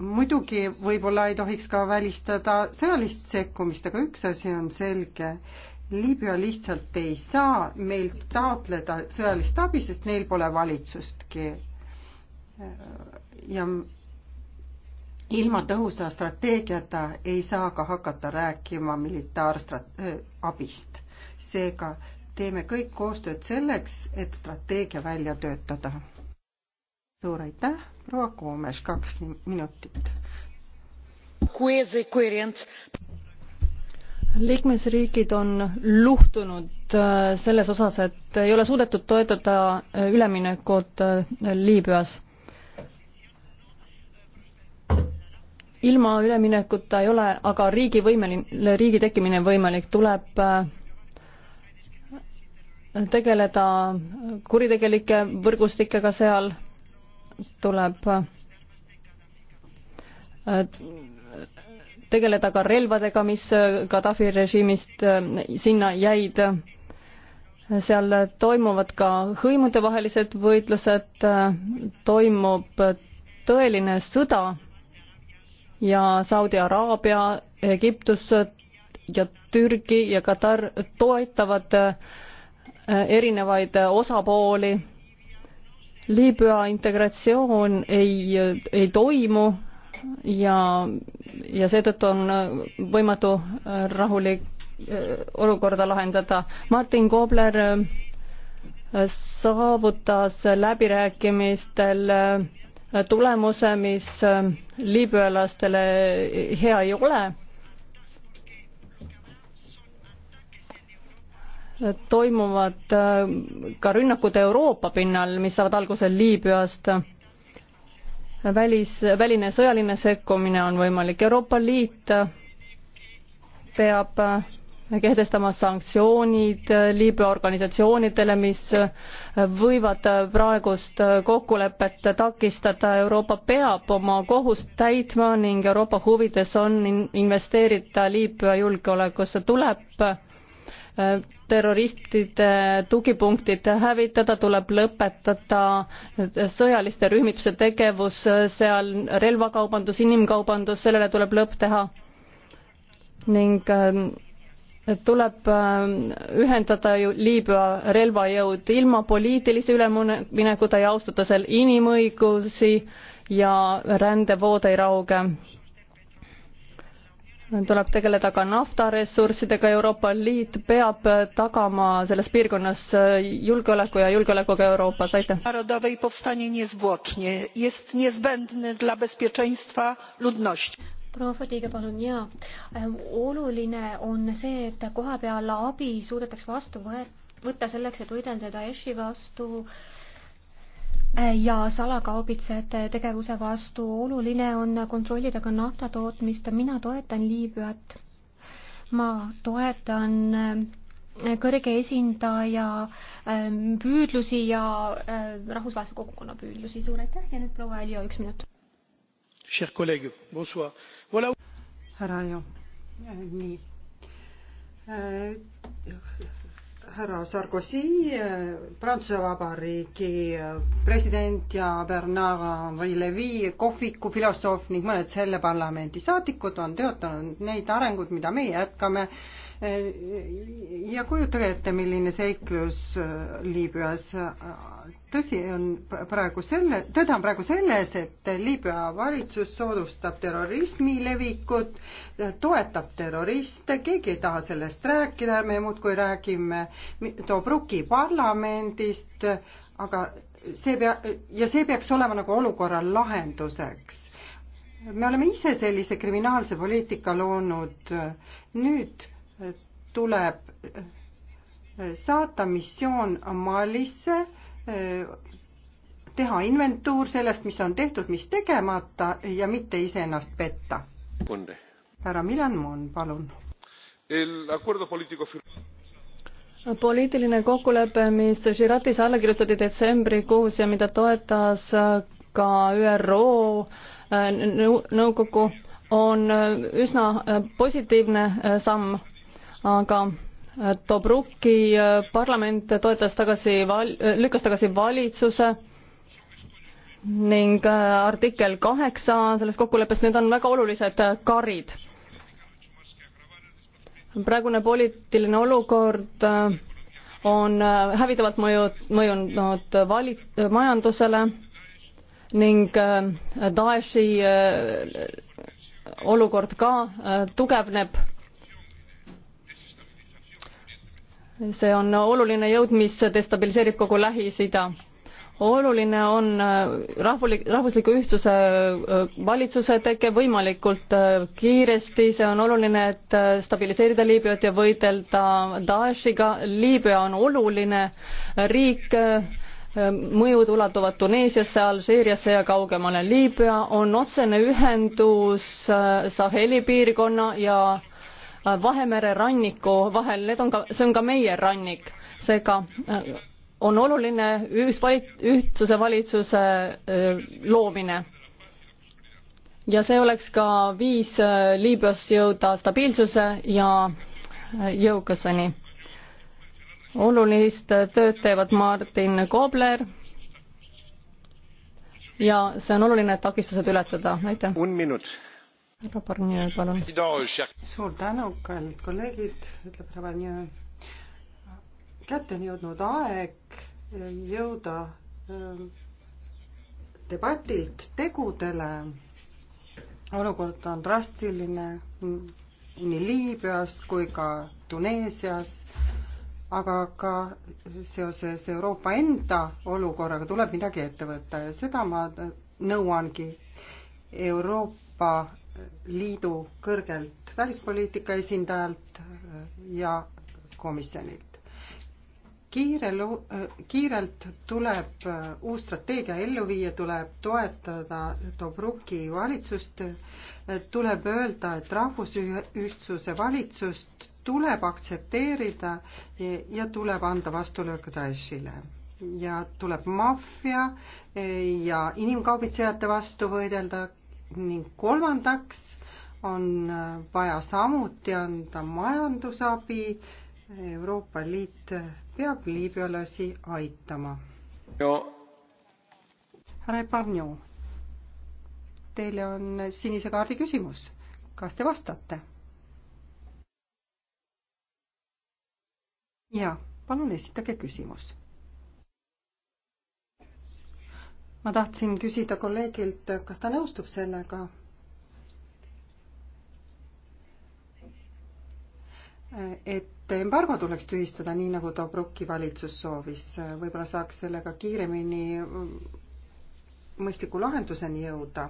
Speaker 5: muidugi võib-olla ei tohiks ka välistada sõjalist sekkumist, aga üks asi on selge. Liibüa lihtsalt ei saa meilt taotleda sõjalist abi, sest neil pole valitsustki. ja ilma tõhusa strateegiata ei saa ka hakata rääkima militaarstrat-, abist. seega teeme kõik koostööd selleks, et strateegia välja töötada suur aitäh, proua Koomes, kaks minutit.
Speaker 2: liikmesriigid on luhtunud äh, selles osas, et ei ole suudetud toetada äh, üleminekut äh, Liibüas. ilma üleminekuta ei ole aga riigi võimeline, riigi tekkimine võimalik, tuleb tegeleda kuritegelike võrgustikega seal tuleb äh, tegeleda ka relvadega, mis äh, Gaddafi režiimist äh, sinna jäid. seal toimuvad ka hõimudevahelised võitlused, toimub tõeline sõda ja Saudi Araabia, Egiptus ja Türgi ja Katar toetavad erinevaid osapooli Liibüa integratsioon ei, ei toimu ja, ja seetõttu on võimatu rahulik äh, olukorda lahendada. Martin Kobler äh, saavutas läbirääkimistel äh, tulemuse, mis liibüalastele hea ei ole toimuvad äh, ka rünnakud Euroopa pinnal, mis saavad alguse Liibüast. välis, väline sõjaline sekkumine on võimalik, Euroopa Liit peab äh, kehtestama sanktsioonid äh, Liibüa organisatsioonidele, mis võivad praegust kokkulepet takistada. Euroopa peab oma kohust täitma ning Euroopa huvides on investeerida Liibüa julgeolekusse, tuleb terroristide tugipunktid hävitada, tuleb lõpetada sõjaliste rühmituste tegevus seal, relvakaubandus, inimkaubandus, sellele tuleb lõpp teha. ning äh, tuleb äh, ühendada ju Liibüa relvajõud ilma poliitilise üleminekuta ja austada seal inimõigusi ja rändevood ei rauge tuleb tegeleda ka naftaressurssidega, Euroopa Liit peab tagama selles piirkonnas julgeoleku ja julgeoleku ka Euroopas, aitäh.
Speaker 6: proua Fadiga, palun, jaa. oluline on see, et kohapeal abi suudetakse vastu võtta selleks, et võidelda Daeshi vastu äh, ja salakaubitsejate tegevuse vastu. oluline on kontrollida ka naftatootmist. mina toetan Liibüat. ma toetan äh, kõrge esindaja ähm, püüdlusi ja äh, rahvusvahelise kogukonna püüdlusi. suur aitäh ja nüüd proua Aljo, üks minut.
Speaker 5: härra Aljo, äh, nii härra Sarkozy, Prantsuse Vabariigi president ja Bernard Henri Levy, kohviku filosoof ning mõned selle parlamendi saadikud on teotanud neid arengud, mida meie jätkame ja kujutage ette, milline seiklus äh, Liibüas. tõsi on praegu selle, tõde on praegu selles, et Liibüa valitsus soodustab terrorismi levikut, toetab terroriste, keegi ei taha sellest rääkida, me muudkui räägime Tobruki parlamendist, aga see pea- ja see peaks olema nagu olukorra lahenduseks. me oleme ise sellise kriminaalse poliitika loonud, nüüd tuleb saata missioon Malisse, teha inventuur sellest, mis on tehtud, mis tegemata ja mitte iseennast petta. härra Milan Moon, palun.
Speaker 2: poliitiline kokkulepe, mis Žiratis alla kirjutati detsembrikuus ja mida toetas ka ÜRO äh, nõukogu, on äh, üsna äh, positiivne samm aga äh, Tobruki äh, parlament toetas tagasi val-, äh, lükkas tagasi valitsuse ning artikkel kaheksa selles kokkuleppes, need on väga olulised karid. praegune poliitiline olukord on hävitavalt mõju, mõjunud vali-, majandusele ning Daeshi olukord ka tugevneb see on oluline jõud, mis destabiliseerib kogu Lähis-Ida. oluline on äh, rahvulik, rahvusliku ühtsuse äh, valitsuse teke võimalikult äh, kiiresti, see on oluline, et stabiliseerida Liibüat ja võidelda Daeshiga. Liibüa on oluline riik, mõjud ulatuvad Tuneesiasse, Alžeeriasse ja kaugemale. Liibüa on otsene ühendus Saheli piirkonna ja Vahemere ranniku vahel, need on ka, see on ka meie rannik, seega äh, on oluline ühisvali-, ühtsuse valitsuse äh, loomine. ja see oleks ka viis äh, Liibüas jõuda stabiilsuse ja jõukuseni. olulist tööd teevad Martin Kobler ja see on oluline, et takistused ületada, aitäh härra
Speaker 5: Barnier, palun. suur tänu, kallid kolleegid, ütleb härra Barnier. kätte on jõudnud aeg jõuda ähm, debatilt tegudele. olukord on drastiline nii Liibüas kui ka Tuneesias, aga ka seoses Euroopa enda olukorraga tuleb midagi ette võtta ja seda ma nõuangi Euroopa liidu kõrgelt välispoliitika esindajalt äh, ja komisjonilt. kiire, äh, kiirelt tuleb äh, uus strateegia ellu viia, tuleb toetada Tobruki valitsust, tuleb öelda, et rahvusühtsuse valitsust tuleb aktsepteerida ja tuleb anda vastulöök Daeshile ja tuleb maffia ja inimkaubitsejate vastu võidelda, ning kolmandaks on vaja samuti anda majandusabi. Euroopa Liit peab liibüalasi aitama. härra Eparnio, teile on sinise kaardi küsimus, kas te vastate? jaa, palun esitage küsimus ma tahtsin küsida kolleegilt, kas ta nõustub sellega? et embargo tuleks tühistada, nii nagu Tobruki valitsus soovis, võib-olla saaks sellega kiiremini mõistliku lahenduseni jõuda,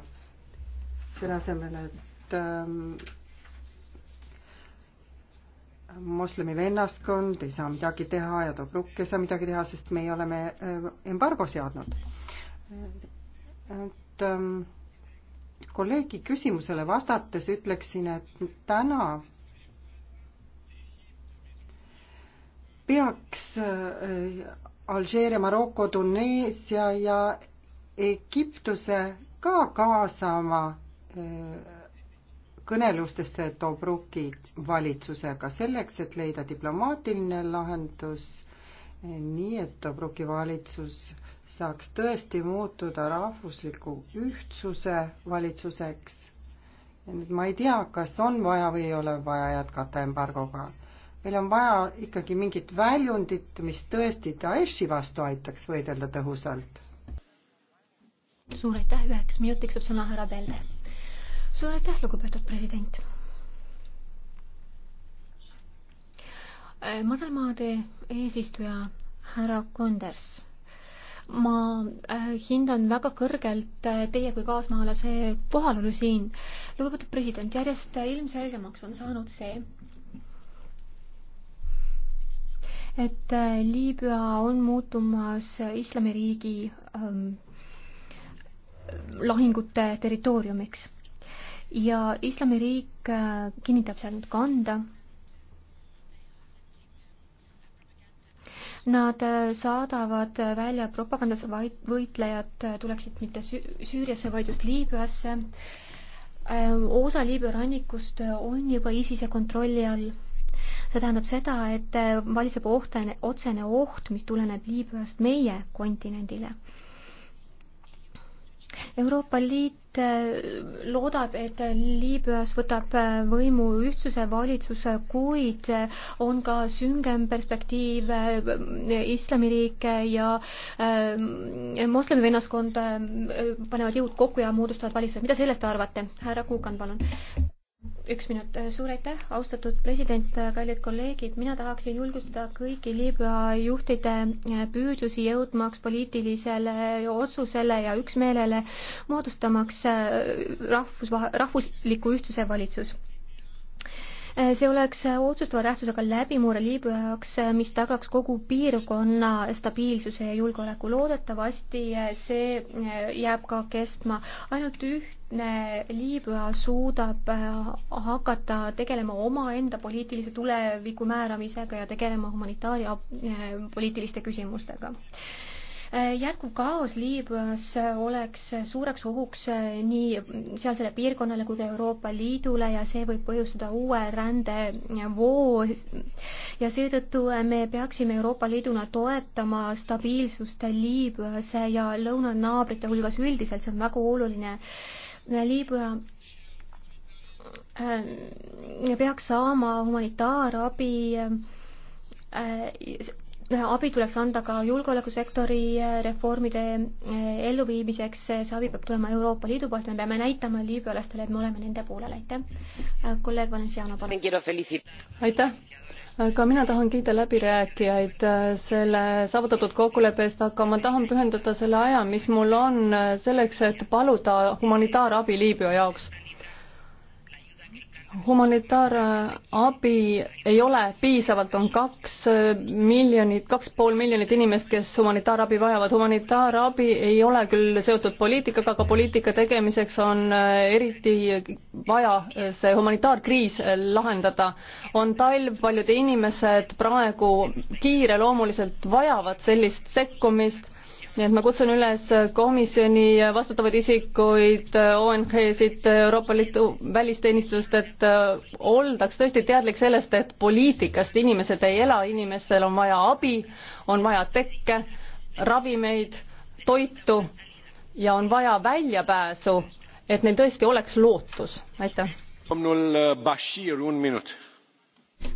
Speaker 5: selle asemel, et ähm, moslemi vennaskond ei saa midagi teha ja Tobruk ei saa midagi teha, sest meie oleme äh, embargo seadnud et ähm, kolleegi küsimusele vastates ütleksin, et täna peaks äh, Alžeeria, Maroko, Tuneesia ja Egiptuse ka kaasama äh, kõnelustesse Tobruki valitsusega selleks, et leida diplomaatiline lahendus, nii et Tobruki valitsus saaks tõesti muutuda rahvusliku ühtsuse valitsuseks. ja nüüd ma ei tea, kas on vaja või ei ole vaja jätkata embargoga. meil on vaja ikkagi mingit väljundit, mis tõesti Daeshi vastu aitaks võidelda tõhusalt.
Speaker 6: suur aitäh, üheks minutiks saab sõna härra Pelde. suur aitäh, lugupeetud president. Äh, madalmaade eesistuja härra Konders ma äh, hindan väga kõrgelt äh, teie kui kaasmaalase kohalolu siin. lugupeetud president, järjest ilmselgemaks on saanud see, et äh, Liibüa on muutumas islamiriigi ähm, lahingute territooriumiks ja islamiriik äh, kinnitab seal nüüd kanda ka Nad äh, saadavad välja propagandas vaid võitlejad äh, tuleksid mitte Süüriasse, vaid just Liibüasse. Ähm, osa Liibüa rannikust äh, on juba ISISe kontrolli all. see tähendab seda, et valitseb ohtene, otsene oht, mis tuleneb Liibüast meie kontinendile Euroopa Liit äh, loodab, et Liibüas võtab äh, võimu ühtsuse valitsus, äh, kuid on ka süngem perspektiiv islamiriike ja moslemi vennaskonda panevad jõud kokku ja moodustavad valitsuse. mida sellest te arvate? härra Kuukan, palun üks minut, äh, suur aitäh, austatud president, äh, kallid kolleegid, mina tahaksin julgustada kõiki Liibüa juhtide äh, püüdlusi jõudmaks poliitilisele otsusele ja üksmeelele, moodustamaks rahvus, rahvusliku ühtsuse valitsus Eh, see oleks eh, otsustava tähtsusega läbimurre Liibüa jaoks, eh, mis tagaks kogu piirkonna stabiilsuse ja julgeoleku. loodetavasti see jääb ka kestma. ainult ühtne Liibüa suudab hakata tegelema omaenda poliitilise tuleviku määramisega ja tegelema humanitaar- ja poliitiliste küsimustega Äh, jätkuv kaos Liibüas äh, oleks suureks ohuks äh, nii sealsele piirkonnale kui ka Euroopa Liidule ja see võib põhjustada uue rändevoo. ja seetõttu me peaksime Euroopa Liiduna toetama stabiilsust Liibüas ja lõunanaabrite hulgas üldiselt, see on väga oluline. Liibüa peaks saama humanitaarabi abi tuleks anda ka julgeolekusektori eh, reformide eh, elluviimiseks, see abi peab tulema Euroopa Liidu poolt, me peame näitama liibüalastele, et me oleme nende poolel, aitäh.
Speaker 2: Eh, kolleeg Valenciano, palun. aitäh ka mina tahan kiita läbirääkijaid selle saavutatud kokkuleppe eest, aga ma tahan pühendada selle aja, mis mul on selleks, et paluda humanitaarabi Liibüa jaoks humanitaarabi ei ole piisavalt, on kaks äh, miljonit, kaks pool miljonit inimest, kes humanitaarabi vajavad. humanitaarabi ei ole küll seotud poliitikaga, aga poliitika tegemiseks on äh, eriti vaja äh, see humanitaarkriis lahendada. on talv, paljud inimesed praegu kiireloomuliselt vajavad sellist sekkumist nii et ma kutsun üles komisjoni vastutavaid isikuid, ONG-sid, Euroopa Liidu välisteenistust, et äh, oldaks tõesti teadlik sellest, et poliitikast inimesed ei ela, inimestel on vaja abi, on vaja tekke, ravimeid, toitu ja on vaja väljapääsu, et neil tõesti oleks lootus, aitäh. Äh,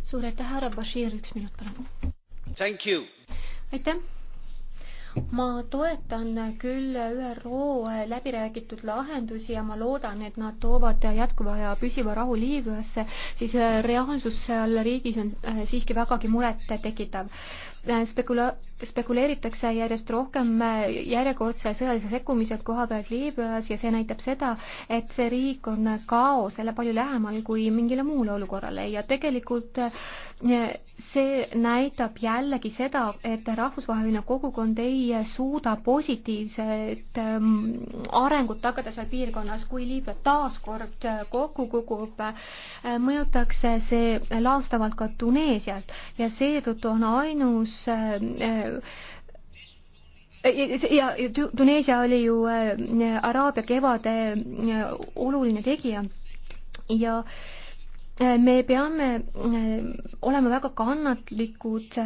Speaker 6: suur aitäh, härra Bashir, üks minut palun. aitäh ma toetan küll ÜRO läbiräägitud lahendusi ja ma loodan, et nad toovad jätkuva ja püsiva rahu Liibüasse, siis äh, reaalsus seal riigis on äh, siiski vägagi murettekitav. Äh, spekula-, spekuleeritakse järjest rohkem äh, järjekordse sõjalise sekkumise koha pealt Liibüas ja see näitab seda, et see riik on kaosele palju lähemal kui mingile muule olukorrale ja tegelikult äh, see näitab jällegi seda, et rahvusvaheline kogukond ei suuda positiivset ähm, arengut tagada seal piirkonnas, kui Liibüa taaskord äh, kokku kukub, mõjutakse see laastavalt ka Tuneesialt ja seetõttu on ainus Äh, ja Tuneesia oli ju äh, Araabia kevade äh, oluline tegija ja me peame olema väga kannatlikud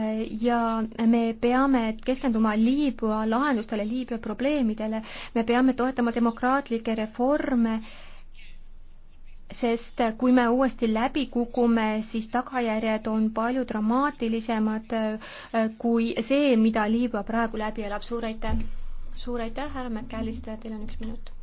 Speaker 6: ja me peame keskenduma Liibüa lahendustele, Liibüa probleemidele, me peame toetama demokraatlikke reforme äh, sest kui me uuesti läbi kukume, siis tagajärjed on palju dramaatilisemad äh, kui see, mida Liibüa praegu läbi elab. suur aitäh! suur aitäh, härra McAllister, teil on üks minut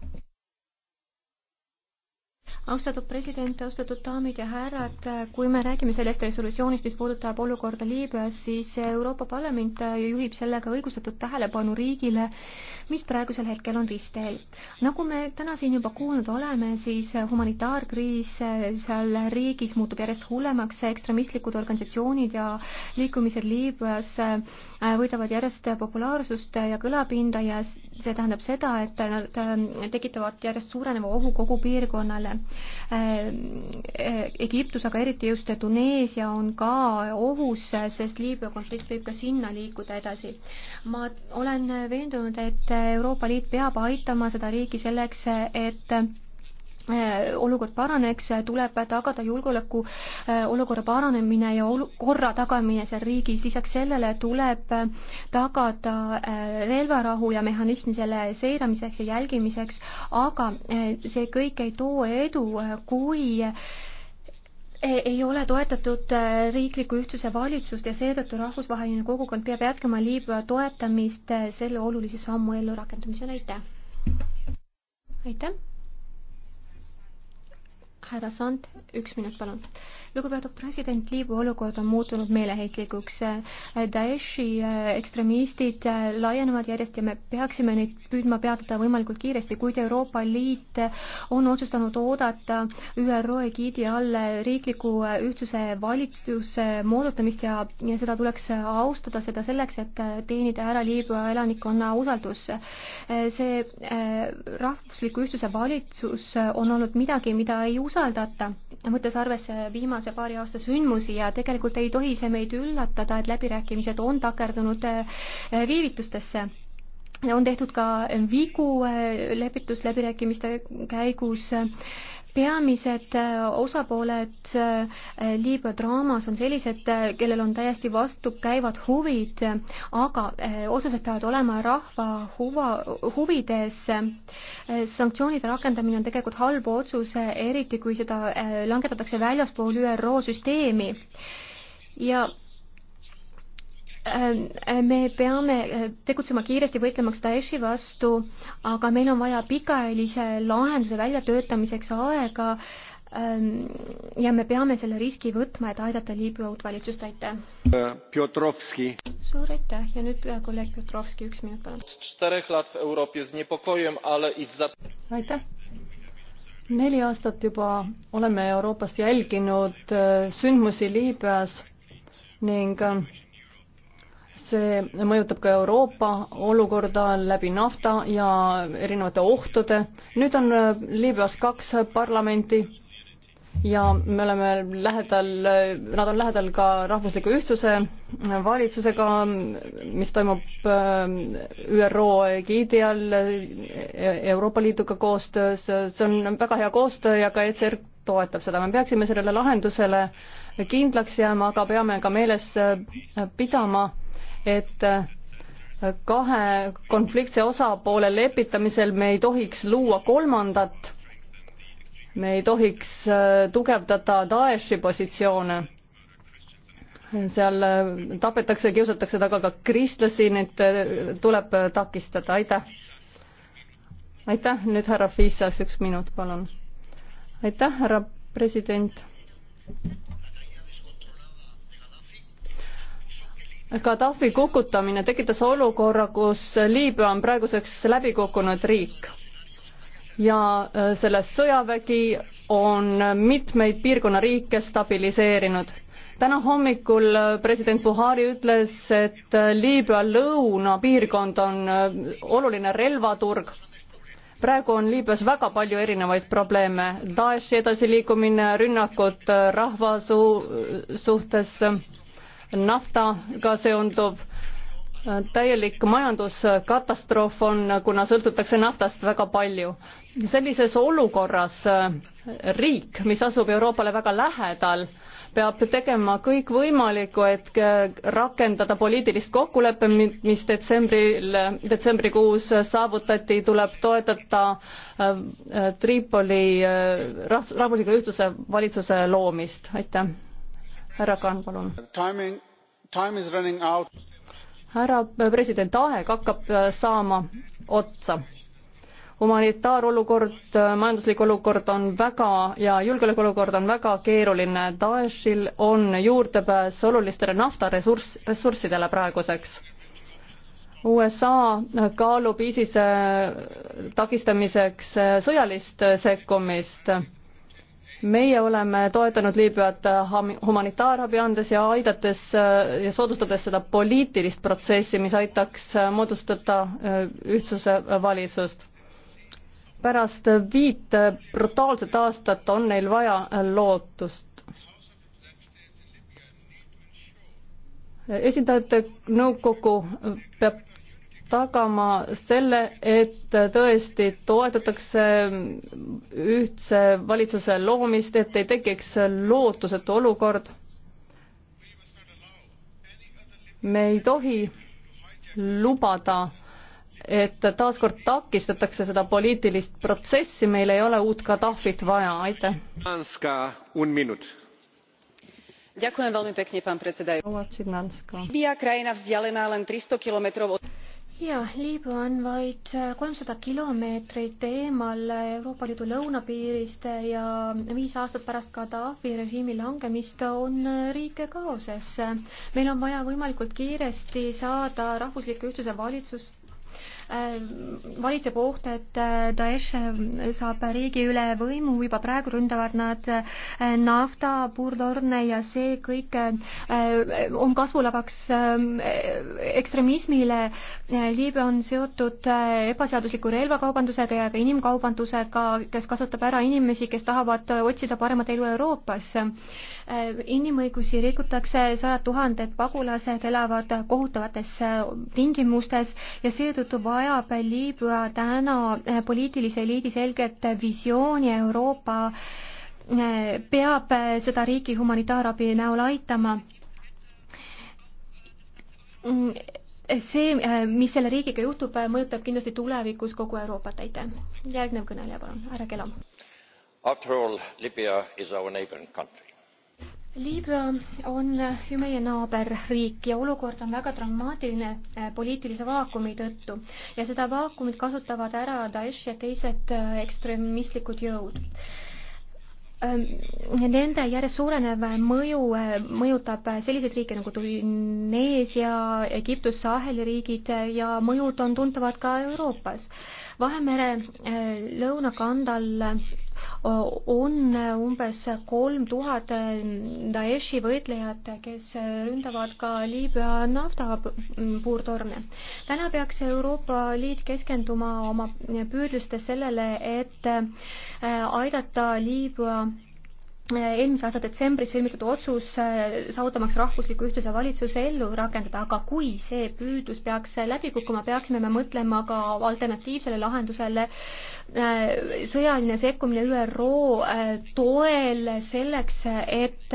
Speaker 6: austatud president, austatud daamid ja härrad, kui me räägime sellest resolutsioonist, mis puudutab olukorda Liibüas, siis Euroopa Parlament juhib sellega õigustatud tähelepanu riigile, mis praegusel hetkel on ristteel. nagu me täna siin juba kuulnud oleme, siis humanitaarkriis seal riigis muutub järjest hullemaks, ekstremistlikud organisatsioonid ja liikumised Liibüas võidavad järjest populaarsust ja kõlapinda ja see tähendab seda, et nad tekitavad järjest suureneva ohu kogu piirkonnale Äh, äh, Egiptus, aga eriti just Tuneesia on ka ohus, sest Liibüa konflikt võib ka sinna liikuda edasi. ma olen veendunud, et Euroopa Liit peab aitama seda riiki selleks, et Äh, olukord paraneks, tuleb tagada julgeoleku äh, olukorra paranemine ja olu-, korra tagamine seal riigis, lisaks sellele tuleb äh, tagada relvarahu ja mehhanism selle seiramiseks ja jälgimiseks, aga see kõik ei too edu, kui ei ole toetatud riikliku ühtsuse valitsust ja seetõttu rahvusvaheline kogukond peab jätkama Liibüa toetamist selle olulise sammu ellurakendamisel, aitäh! aitäh! härra Sand, üks minut, palun lugupeetud president, Liibüa olukord on muutunud meeleheitlikuks. Daeshi äh, ekstremistid äh, laienevad järjest ja me peaksime neid püüdma peatada võimalikult kiiresti, kuid Euroopa Liit äh, on otsustanud oodata ÜRO egiidi all riikliku ühtsuse valitsuse moodutamist ja, ja seda tuleks austada, seda selleks, et teenida ära Liibüa elanikkonna usaldus. see rahvusliku ühtsuse valitsus on olnud midagi, mida ei usaldata, võttes arvesse viimase viimase paari aasta sündmusi ja tegelikult ei tohi see meid üllatada, et läbirääkimised on takerdunud äh, viivitustesse on tehtud ka vigu äh, lepitusläbirääkimiste käigus peamised äh, osapooled äh, Liibüa draamas on sellised, äh, kellel on täiesti vastukäivad huvid, aga otsused peavad olema rahva huva, huvides. sanktsioonide rakendamine on tegelikult halb otsus, eriti kui seda langetatakse väljaspool ÜRO süsteemi ja Äh, me peame äh, tegutsema kiiresti võitlemaks Daeshi vastu, aga meil on vaja pikaajalise lahenduse väljatöötamiseks aega ähm, ja me peame selle riski võtma, et aidata Liibüa uut valitsust, aitäh.
Speaker 2: Äh, Pjotrovski. suur aitäh ja nüüd kolleeg Pjotrovski, üks minut palun. aitäh neli aastat juba oleme Euroopas jälginud sündmusi Liibüas ning see mõjutab ka Euroopa olukorda läbi nafta ja erinevate ohtude. nüüd on äh, Liibüas kaks parlamenti ja me oleme lähedal, äh, nad on lähedal ka rahvusliku ühtsuse valitsusega, mis toimub äh, ÜRO egiidi all Euroopa Liiduga koostöös, see on väga hea koostöö ja ka ECR toetab seda, me peaksime sellele lahendusele kindlaks jääma, aga peame ka meeles pidama, et äh, kahe konfliktse osapoole lepitamisel me ei tohiks luua kolmandat, me ei tohiks äh, tugevdada Daeshi positsioone. seal äh, tapetakse, kiusatakse taga ka kristlasi, neid tuleb takistada, aitäh. aitäh, nüüd härra Fissas, üks minut, palun. aitäh, härra president. Gaddafi kukutamine tekitas olukorra, kus Liibüa on praeguseks läbi kukkunud riik ja äh, selles sõjavägi on mitmeid piirkonna riike stabiliseerinud. täna hommikul äh, president Buhari ütles, et äh, Liibüa lõunapiirkond on oluline relvaturg. praegu on Liibüas väga palju erinevaid probleeme, Daeshi edasiliikumine, rünnakud rahva su-, suhtes naftaga seonduv täielik majanduskatastroof on, kuna sõltutakse naftast väga palju. sellises olukorras äh, riik, mis asub Euroopale väga lähedal, peab tegema kõik võimalikku, et äh, rakendada poliitilist kokkuleppe, mis detsembril, detsembrikuus saavutati, tuleb toetada äh, Tripoli rahvusliku ühtsuse valitsuse loomist, aitäh härra Kann, palun. härra äh, president, aeg hakkab äh, saama otsa humanitaarolukord, äh, majanduslik olukord on väga ja julgeolekuolukord on väga keeruline. Daeshil on juurdepääs olulistele naftaressurss, ressurssidele praeguseks. USA kaalub ISISe takistamiseks sõjalist sekkumist meie oleme toetanud Liibüat äh, humanitaarabi andes ja aidates äh, ja soodustades seda poliitilist protsessi, mis aitaks äh, moodustada ühtsuse valitsust. pärast viit brutaalset aastat on neil vaja lootust. esindajate nõukogu peab tagama selle, et tõesti toetatakse ühtse valitsuse loomist, et ei tekiks lootusetu olukord. me ei tohi lubada, et taaskord takistatakse seda poliitilist protsessi, meil ei ole uut Gaddafit vaja, aitäh. libya krajina vzdialená len tristo kilometrov od
Speaker 6: jaa, Liibüa on vaid äh, kolmsada kilomeetrit eemal Euroopa Liidu lõunapiirist ja viis aastat pärast Gaddafi režiimi langemist on äh, riik kaoses. meil on vaja võimalikult kiiresti saada rahvusliku ühtsuse valitsus, Äh, valitseb oht, et äh, Daesh äh, saab riigi üle võimu, juba praegu ründavad nad nafta, puurtorne ja see kõik on kasvulavaks ekstremismile. Liibüa on seotud ebaseadusliku relvakaubandusega ja ka inimkaubandusega, kes kasutab ära inimesi, kes tahavad otsida paremat elu Euroopas Äh, inimõigusi rikutakse, sajad tuhanded pagulased elavad kohutavates äh, tingimustes ja seetõttu vajab Liibüa täna äh, poliitilise eliidi selget visiooni Euroopa peab seda riiki humanitaarabi näol aitama mm, see, mis selle riigiga juhtub, mõjutab kindlasti tulevikus kogu Euroopat, aitäh. järgnev kõneleja, palun, härra Kelo.
Speaker 3: After all, Libya is our neighbouring country.
Speaker 6: Liibüa on ju meie naaberriik ja olukord on väga dramaatiline eh, poliitilise vaakumi tõttu ja seda vaakumit kasutavad ära Daesh ja teised eh, ekstremistlikud jõud. Ähm, nende järjest suurenev mõju eh, mõjutab selliseid riike nagu Tuneesia, Egiptus, Saheli riigid ja mõjud on tuntavad ka Euroopas. Vahemere lõunakandal Äh, on äh, umbes kolm tuhat äh, Daeshi võitlejat, kes ründavad ka Liibüa naftapuurtorne. täna peaks Euroopa Liit keskenduma oma püüdlustes sellele, et aidata Liibüa eelmise aasta detsembris sõlmitud otsus äh, saavutamaks rahvusliku ühtsuse valitsuse ellu rakendada, aga kui see püüdlus peaks läbi kukkuma, peaksime me mõtlema ka alternatiivsele lahendusele. Äh, sõjaline sekkumine ÜRO äh, toel selleks, et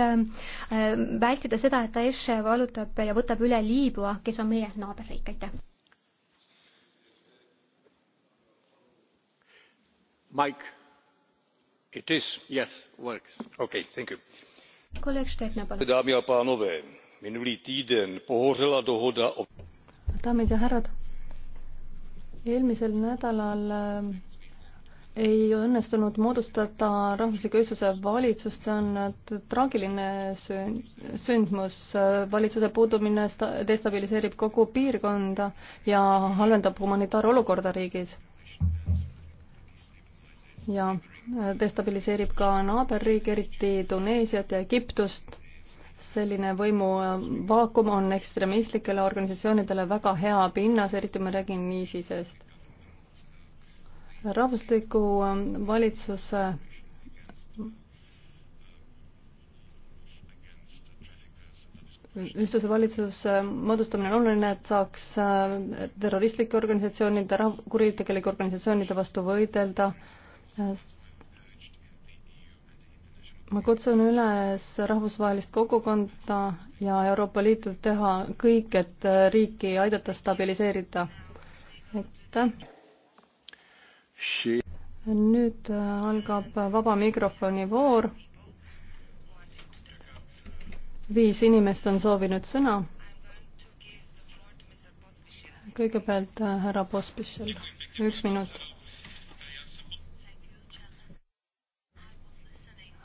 Speaker 6: vältida seda, et Daesh vallutab ja võtab üle Liibüa, kes on meie naaberriik, aitäh.
Speaker 2: Mike dámy a pánové minulý týden pohořela
Speaker 4: dohoda o.
Speaker 2: daamid ja härrad eelmisel nädalal eh, ei õnnestunud moodustada rahvusliku ühtsuse valitsust, see on eh, traagiline sündmus. valitsuse puudumine destabiliseerib kogu piirkonda ja halvendab humanitaarolukorda riigis. ja destabiliseerib ka naaberriik, eriti Tuneesiat ja Egiptust. selline võimu äh, vaakum on ekstremistlikele organisatsioonidele väga hea pinnas, eriti ma räägin ISISest. rahvusliku äh, valitsuse ühtsuse valitsuse moodustamine on oluline, et saaks äh, terroristlike organisatsioonide, kuritegelike organisatsioonide vastu võidelda, ma kutsun üles rahvusvahelist kogukonda ja Euroopa Liitu teha kõik, et riiki aidata stabiliseerida. aitäh. nüüd algab vaba mikrofoni voor. viis inimest on soovinud sõna. kõigepealt äh, härra Pospišil, üks minut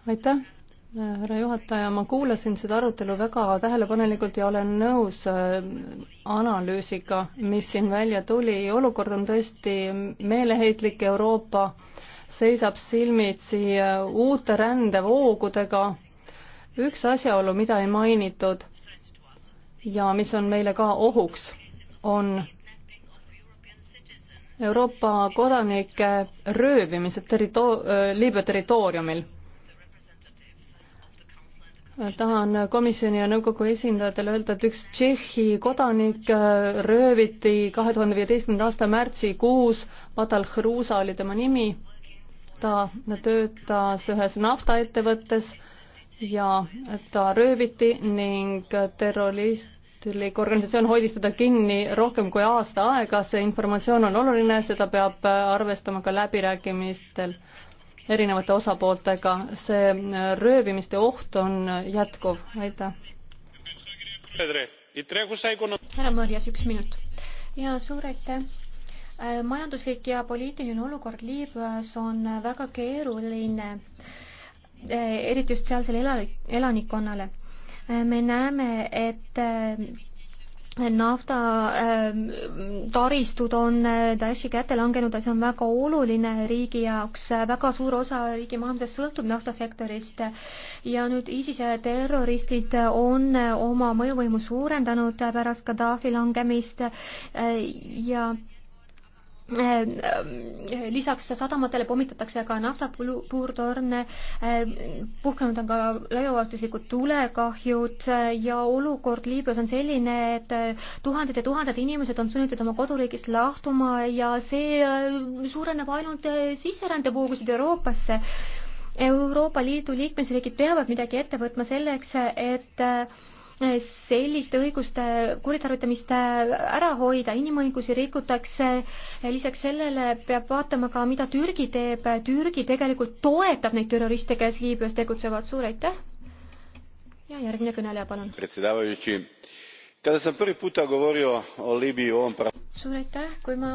Speaker 2: aitäh, härra juhataja, ma kuulasin seda arutelu väga tähelepanelikult ja olen nõus äh, analüüsiga, mis siin välja tuli. olukord on tõesti meeleheitlik, Euroopa seisab silmitsi äh, uute rändevoogudega. üks asjaolu, mida ei mainitud ja mis on meile ka ohuks, on Euroopa kodanike röövimised territo-, äh, Liibüa territooriumil tahan komisjoni ja nõukogu esindajatele öelda, et üks Tšehhi kodanik äh, rööviti kahe tuhande viieteistkümnenda aasta märtsikuus, Vatal Hruusa oli tema nimi. ta töötas ühes naftaettevõttes ja ta rööviti ning terroristlik organisatsioon hoidis teda kinni rohkem kui aasta aega, see informatsioon on oluline, seda peab äh, arvestama ka läbirääkimistel erinevate osapooltega. see äh, röövimiste oht on äh, jätkuv. aitäh.
Speaker 6: härra Marjas, üks minut. ja suur aitäh äh, majanduslik ja poliitiline olukord Liibüas on väga keeruline, eriti just sealsele elanikkonnale. me näeme, et nafta ähm, taristud on äh, Daeshi kätte langenud ja see on väga oluline riigi jaoks. väga suur osa riigi majandusest sõltub naftasektorist ja nüüd ISISe terroristid on äh, oma mõjuvõimu suurendanud pärast Gaddafi langemist äh, ja Ehm, ehm, lisaks sadamatele pommitatakse ka naftapuurtorne, ehm, puhkenud on ka laiaulatuslikud tulekahjud eh, ja olukord Liibüas on selline, et eh, tuhanded ja tuhanded inimesed on sunnitud oma koduriigist lahtuma ja see eh, suureneb ainult sisserändevoogusid Euroopasse. Euroopa Liidu liikmesriigid peavad midagi ette võtma selleks, et selliste õiguste kuritarvitamist ära hoida, inimõigusi rikutakse, lisaks sellele peab vaatama ka, mida Türgi teeb, Türgi tegelikult toetab neid terroriste, kes Liibüas tegutsevad, suur aitäh! ja järgmine kõneleja, palun! suur aitäh, kui ma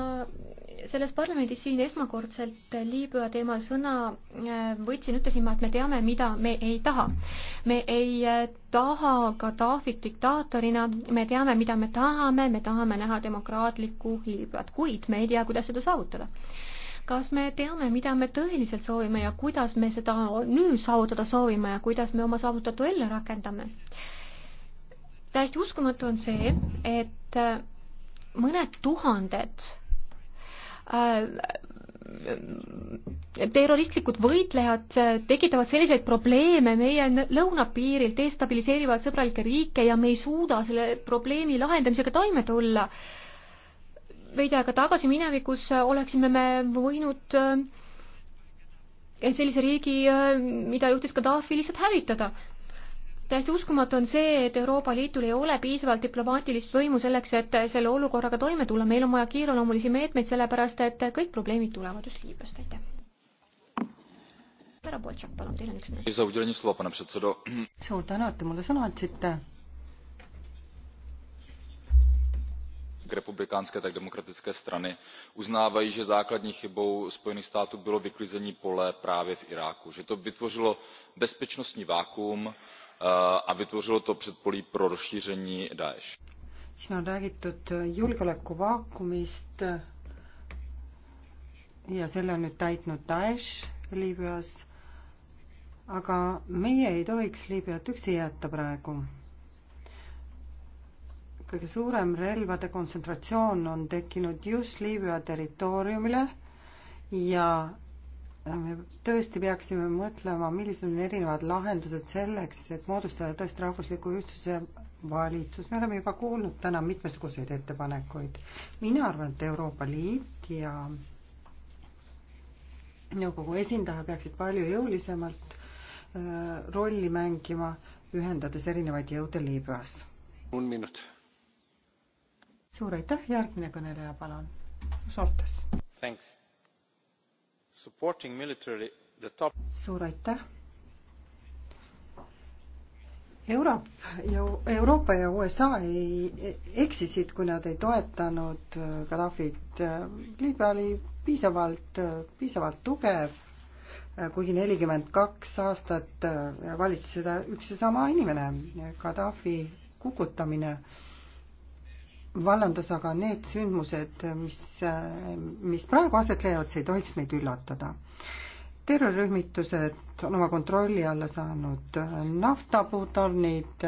Speaker 6: selles parlamendis siin esmakordselt Liibüa teemal sõna äh, võtsin, ütlesin ma, et me teame, mida me ei taha. me ei äh, taha Gaddafit diktaatorina, me teame, mida me tahame, me tahame näha demokraatlikku Liibüat, kuid me ei tea, kuidas seda saavutada kas me teame, mida me tõeliselt soovime ja kuidas me seda nüüd saavutada soovime ja kuidas me oma saavutatu ellu rakendame? täiesti uskumatu on see, et äh, mõned tuhanded Äh, terroristlikud võitlejad äh, tekitavad selliseid probleeme meie lõunapiiril, destabiliseerivad sõbralikke riike ja me ei suuda selle probleemi lahendamisega toime tulla. veidi aega tagasi minevikus äh, oleksime me võinud sellise riigi, mida juhtis Gaddafi, lihtsalt hävitada täiesti uskumatu on see, et Euroopa Liitul ei ole piisavalt diplomaatilist võimu selleks, et selle olukorraga toime tulla. meil on vaja kiireloomulisi meetmeid, sellepärast et kõik probleemid tulevad just Liibüast, aitäh. härra Boltšak, palun, teil on üks
Speaker 4: minut.
Speaker 5: suur tänu, et te mulle sõna andsite.
Speaker 4: republikánské tak demokratické strany uznávají že základní chybou spojených států bylo vyklizení pole právě v iráku že to vytvořilo bezpečnostní vakuum a vytvořilo to předpolí pro rozšíření Daesh.
Speaker 5: siin on räägitud julgeolekuvaakumist ja selle on nüüd täitnud Daesh Liibüas. aga meie ei tohiks Liibüat üksi jätta praegu. kõige suurem relvade kontsentratsioon on tekkinud just Liibüa territooriumile ja Äh, me tõesti peaksime mõtlema, millised on erinevad lahendused selleks, et moodustada tõesti rahvusliku ühtsuse valitsus. me oleme juba kuulnud täna mitmesuguseid ettepanekuid. mina arvan, et Euroopa Liit ja nõukogu esindaja peaksid palju jõulisemalt äh, rolli mängima, ühendades erinevaid jõude Liibüas. on minut. suur aitäh, järgmine kõneleja, palun. Soltes.
Speaker 2: Thanks supporting militarily the top suur
Speaker 5: aitäh! Euroop ja Euroopa ja USA ei eksisid, kui nad ei toetanud äh, Gaddafit. Äh, Liibüa oli piisavalt, äh, piisavalt tugev, kuigi nelikümmend kaks aastat valitses seda üks ja sama inimene, Gaddafi kukutamine vallandas aga need sündmused, mis, mis praegu aset leiavad, see ei tohiks meid üllatada. terrorirühmitused on oma kontrolli alla saanud naftapuutornid.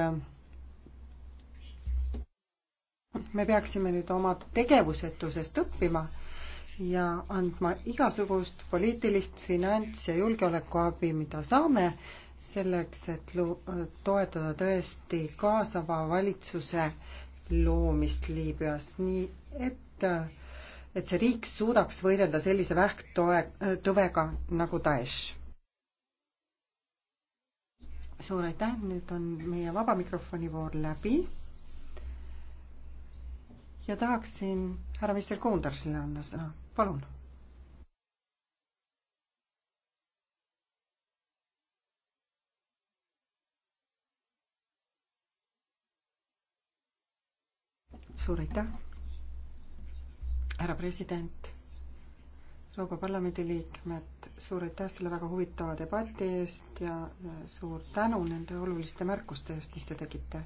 Speaker 5: me peaksime nüüd oma tegevusetusest õppima ja andma igasugust poliitilist, finants- ja julgeolekuabi, mida saame, selleks, et toetada tõesti kaasava valitsuse äh, loomist Liibüas, nii et, et see riik suudaks võidelda sellise vähktoe, tõvega nagu Daesh. suur aitäh, nüüd on meie vaba mikrofoni voor läbi. ja tahaksin härra minister Koundarsile anda sõna, palun suur aitäh, härra president, Euroopa Parlamendi liikmed, suur aitäh selle väga huvitava debati eest ja suur tänu nende oluliste märkuste eest, mis te tegite.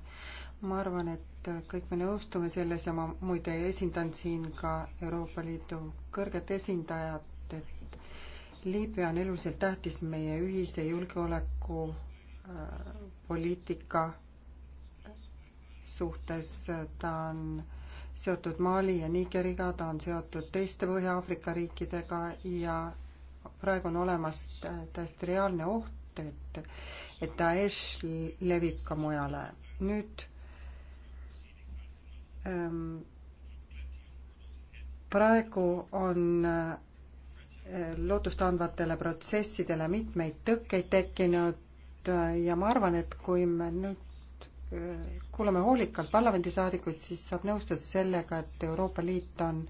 Speaker 5: ma arvan, et kõik me nõustume selles ja ma muide esindan siin ka Euroopa Liidu kõrget esindajat, et Liibüa on eluliselt tähtis meie ühise julgeoleku äh, poliitika suhtes, ta on seotud Mali ja Nigeriga, ta on seotud teiste Põhja-Aafrika riikidega ja praegu on olemas täiesti reaalne oht, et, et Daesh levib ka mujale. nüüd ähm, praegu on äh, lootustandvatele protsessidele mitmeid tõkkeid tekkinud äh, ja ma arvan, et kui me nüüd kuulame hoolikalt parlamendisaadikuid, siis saab nõustuda sellega, et Euroopa Liit on,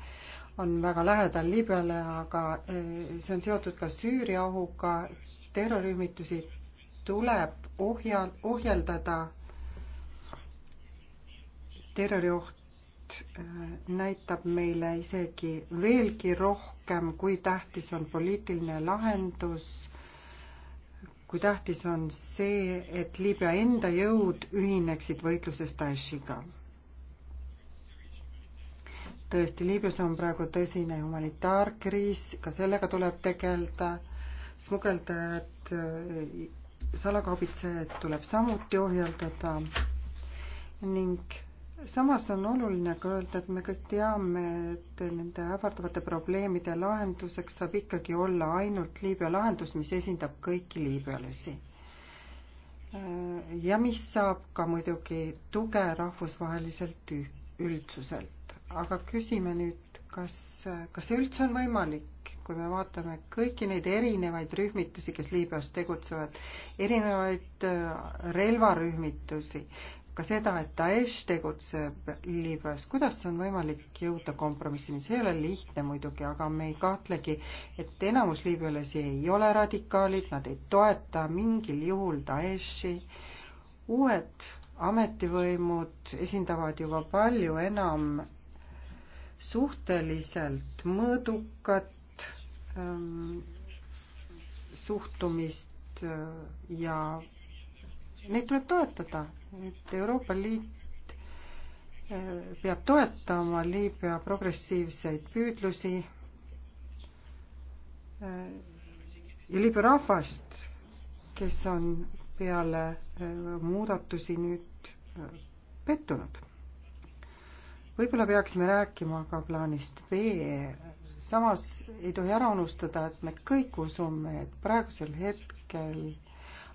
Speaker 5: on väga lähedal Liibüale, aga eh, see on seotud ka Süüria ohuga, terrorirühmitusi tuleb ohja, ohjeldada. terrorioht eh, näitab meile isegi veelgi rohkem, kui tähtis on poliitiline lahendus kui tähtis on see, et Liibüa enda jõud ühineksid võitluses Daeshiga. tõesti, Liibüas on praegu tõsine humanitaarkriis, ka sellega tuleb tegeleda, smugeldajad, äh, salakaubitsejad tuleb samuti ohjeldada ning samas on oluline ka öelda, et me kõik teame, et nende ähvardavate probleemide lahenduseks saab ikkagi olla ainult Liibüa lahendus, mis esindab kõiki liibüalasi. ja mis saab ka muidugi tuge rahvusvaheliselt üldsuselt. aga küsime nüüd, kas, kas see üldse on võimalik, kui me vaatame kõiki neid erinevaid rühmitusi, kes Liibüas tegutsevad, erinevaid äh, relvarühmitusi, ka seda, et Daesh tegutseb Liibüas, kuidas on võimalik jõuda kompromissini, see ei ole lihtne muidugi, aga me ei kahtlegi, et enamus liibüalasi ei ole radikaalid, nad ei toeta mingil juhul Daeshi. uued ametivõimud esindavad juba palju enam suhteliselt mõõdukat ähm, suhtumist äh, ja neid tuleb toetada. et Euroopa Liit äh, peab toetama Liibüa progressiivseid püüdlusi äh, ja Liibüa rahvast, kes on peale äh, muudatusi nüüd pettunud. võib-olla peaksime rääkima ka plaanist B. samas ei tohi ära unustada, et me kõik usume, et praegusel hetkel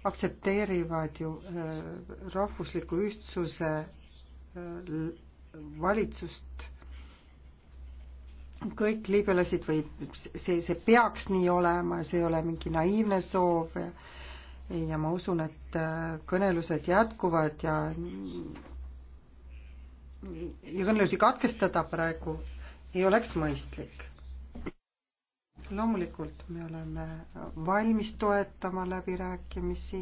Speaker 5: aktsepteerivad ju äh, rahvusliku ühtsuse äh, valitsust kõik liibüalasid või see, see peaks nii olema, see ei ole mingi naiivne soov ja, ja ma usun, et äh, kõnelused jätkuvad ja ja kõnelusi katkestada praegu ei oleks mõistlik loomulikult me oleme valmis toetama läbirääkimisi,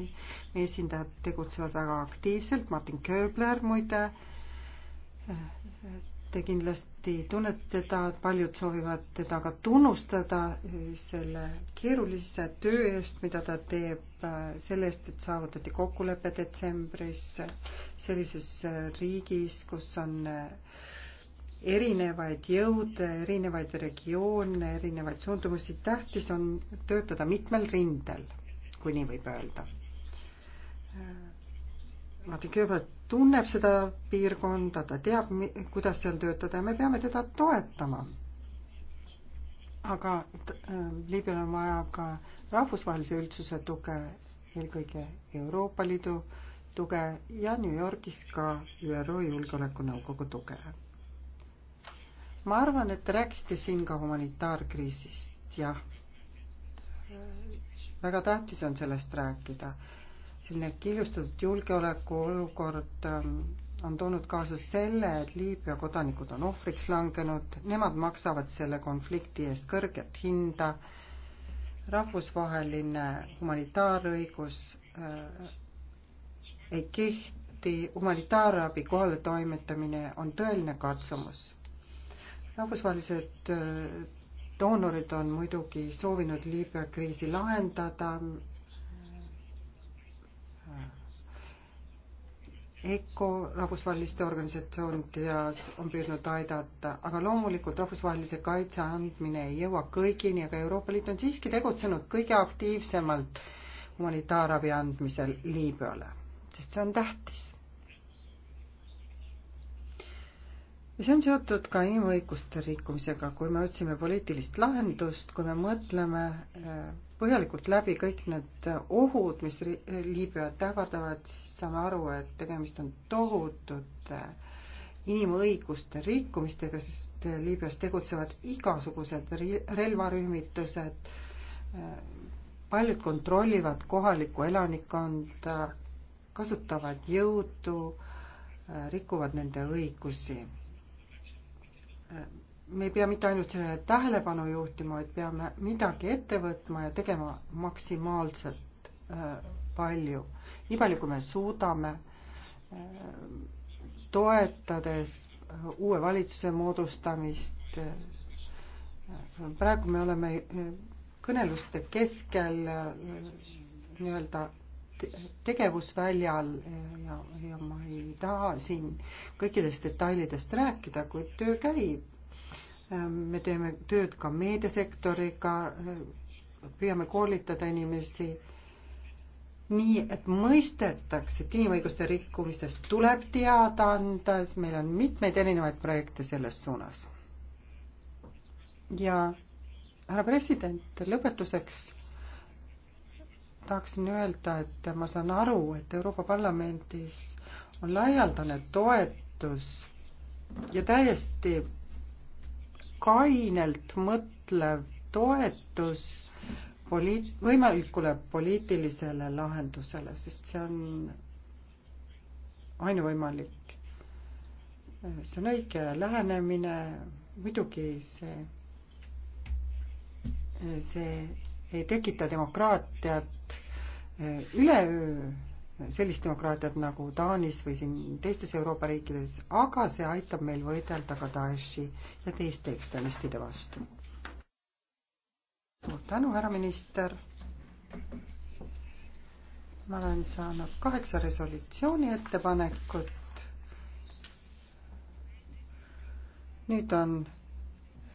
Speaker 5: meie esindajad tegutsevad väga aktiivselt, Martin Kööbler muide, te kindlasti tunnete teda, paljud soovivad teda ka tunnustada selle keerulise töö eest, mida ta teeb, selle eest, et saavutati kokkulepe detsembris sellises riigis, kus on äh, erinevaid jõude, erinevaid regioone, erinevaid suundumusi, tähtis on töötada mitmel rindel, kui nii võib öelda. Martin Kööbel tunneb seda piirkonda, ta teab, kuidas seal töötada ja me peame teda toetama. aga Liibüal on vaja ka rahvusvahelise üldsuse tuge, eelkõige Euroopa Liidu tuge ja New Yorgis ka ÜRO Julgeolekunõukogu tuge ma arvan, et te rääkisite siin ka humanitaarkriisist, jah. väga tähtis on sellest rääkida. selline killustatud julgeolekuolukord ähm, on toonud kaasa selle, et Liibüa kodanikud on ohvriks langenud, nemad maksavad selle konflikti eest kõrget hinda. rahvusvaheline humanitaarõigus äh, ei kehti, humanitaarabi kohaletoimetamine on tõeline katsumus rahvusvahelised äh, doonorid on muidugi soovinud Liibüa kriisi lahendada. Äh, ECO rahvusvaheliste organisatsioonide jaoks on püüdnud aidata, aga loomulikult rahvusvahelise kaitse andmine ei jõua kõigini, aga Euroopa Liit on siiski tegutsenud kõige aktiivsemalt humanitaarabi andmisel Liibüale, sest see on tähtis ja see on seotud ka inimõiguste rikkumisega, kui me otsime poliitilist lahendust, kui me mõtleme äh, põhjalikult läbi kõik need ohud, mis Liibüat ähvardavad, siis saame aru, et tegemist on tohutute äh, inimõiguste rikkumistega, sest äh, Liibüas tegutsevad igasugused relvarühmitused, paljud kontrollivad kohalikku elanikkonda, kasutavad jõudu, rikuvad nende õigusi me ei pea mitte ainult sellele tähelepanu juhtima, vaid peame midagi ette võtma ja tegema maksimaalselt äh, palju. nii palju, kui me suudame, äh, toetades uue valitsuse moodustamist. Äh, praegu me oleme kõneluste keskel nii-öelda tegevusväljal ja, ja ma ei taha siin kõikidest detailidest rääkida, kuid töö käib. Ähm, me teeme tööd ka meediasektoriga, äh, püüame koolitada inimesi nii, et mõistetakse, et inimõiguste rikkumistest tuleb teada anda, siis meil on mitmeid erinevaid projekte selles suunas. ja härra president, lõpetuseks tahaksin öelda, et ma saan aru, et Euroopa Parlamendis on laialdane toetus ja täiesti kainelt mõtlev toetus poliit-, võimalikule poliitilisele lahendusele, sest see on ainuvõimalik. see on õige lähenemine, muidugi see, see ei tekita demokraatiat, üleöö sellist demokraatiat nagu Taanis või siin teistes Euroopa riikides, aga see aitab meil võidelda ka Daeshi ja teiste ekstremistide vastu. suur tänu, härra minister. ma olen saanud kaheksa resolutsiooni ettepanekut. nüüd on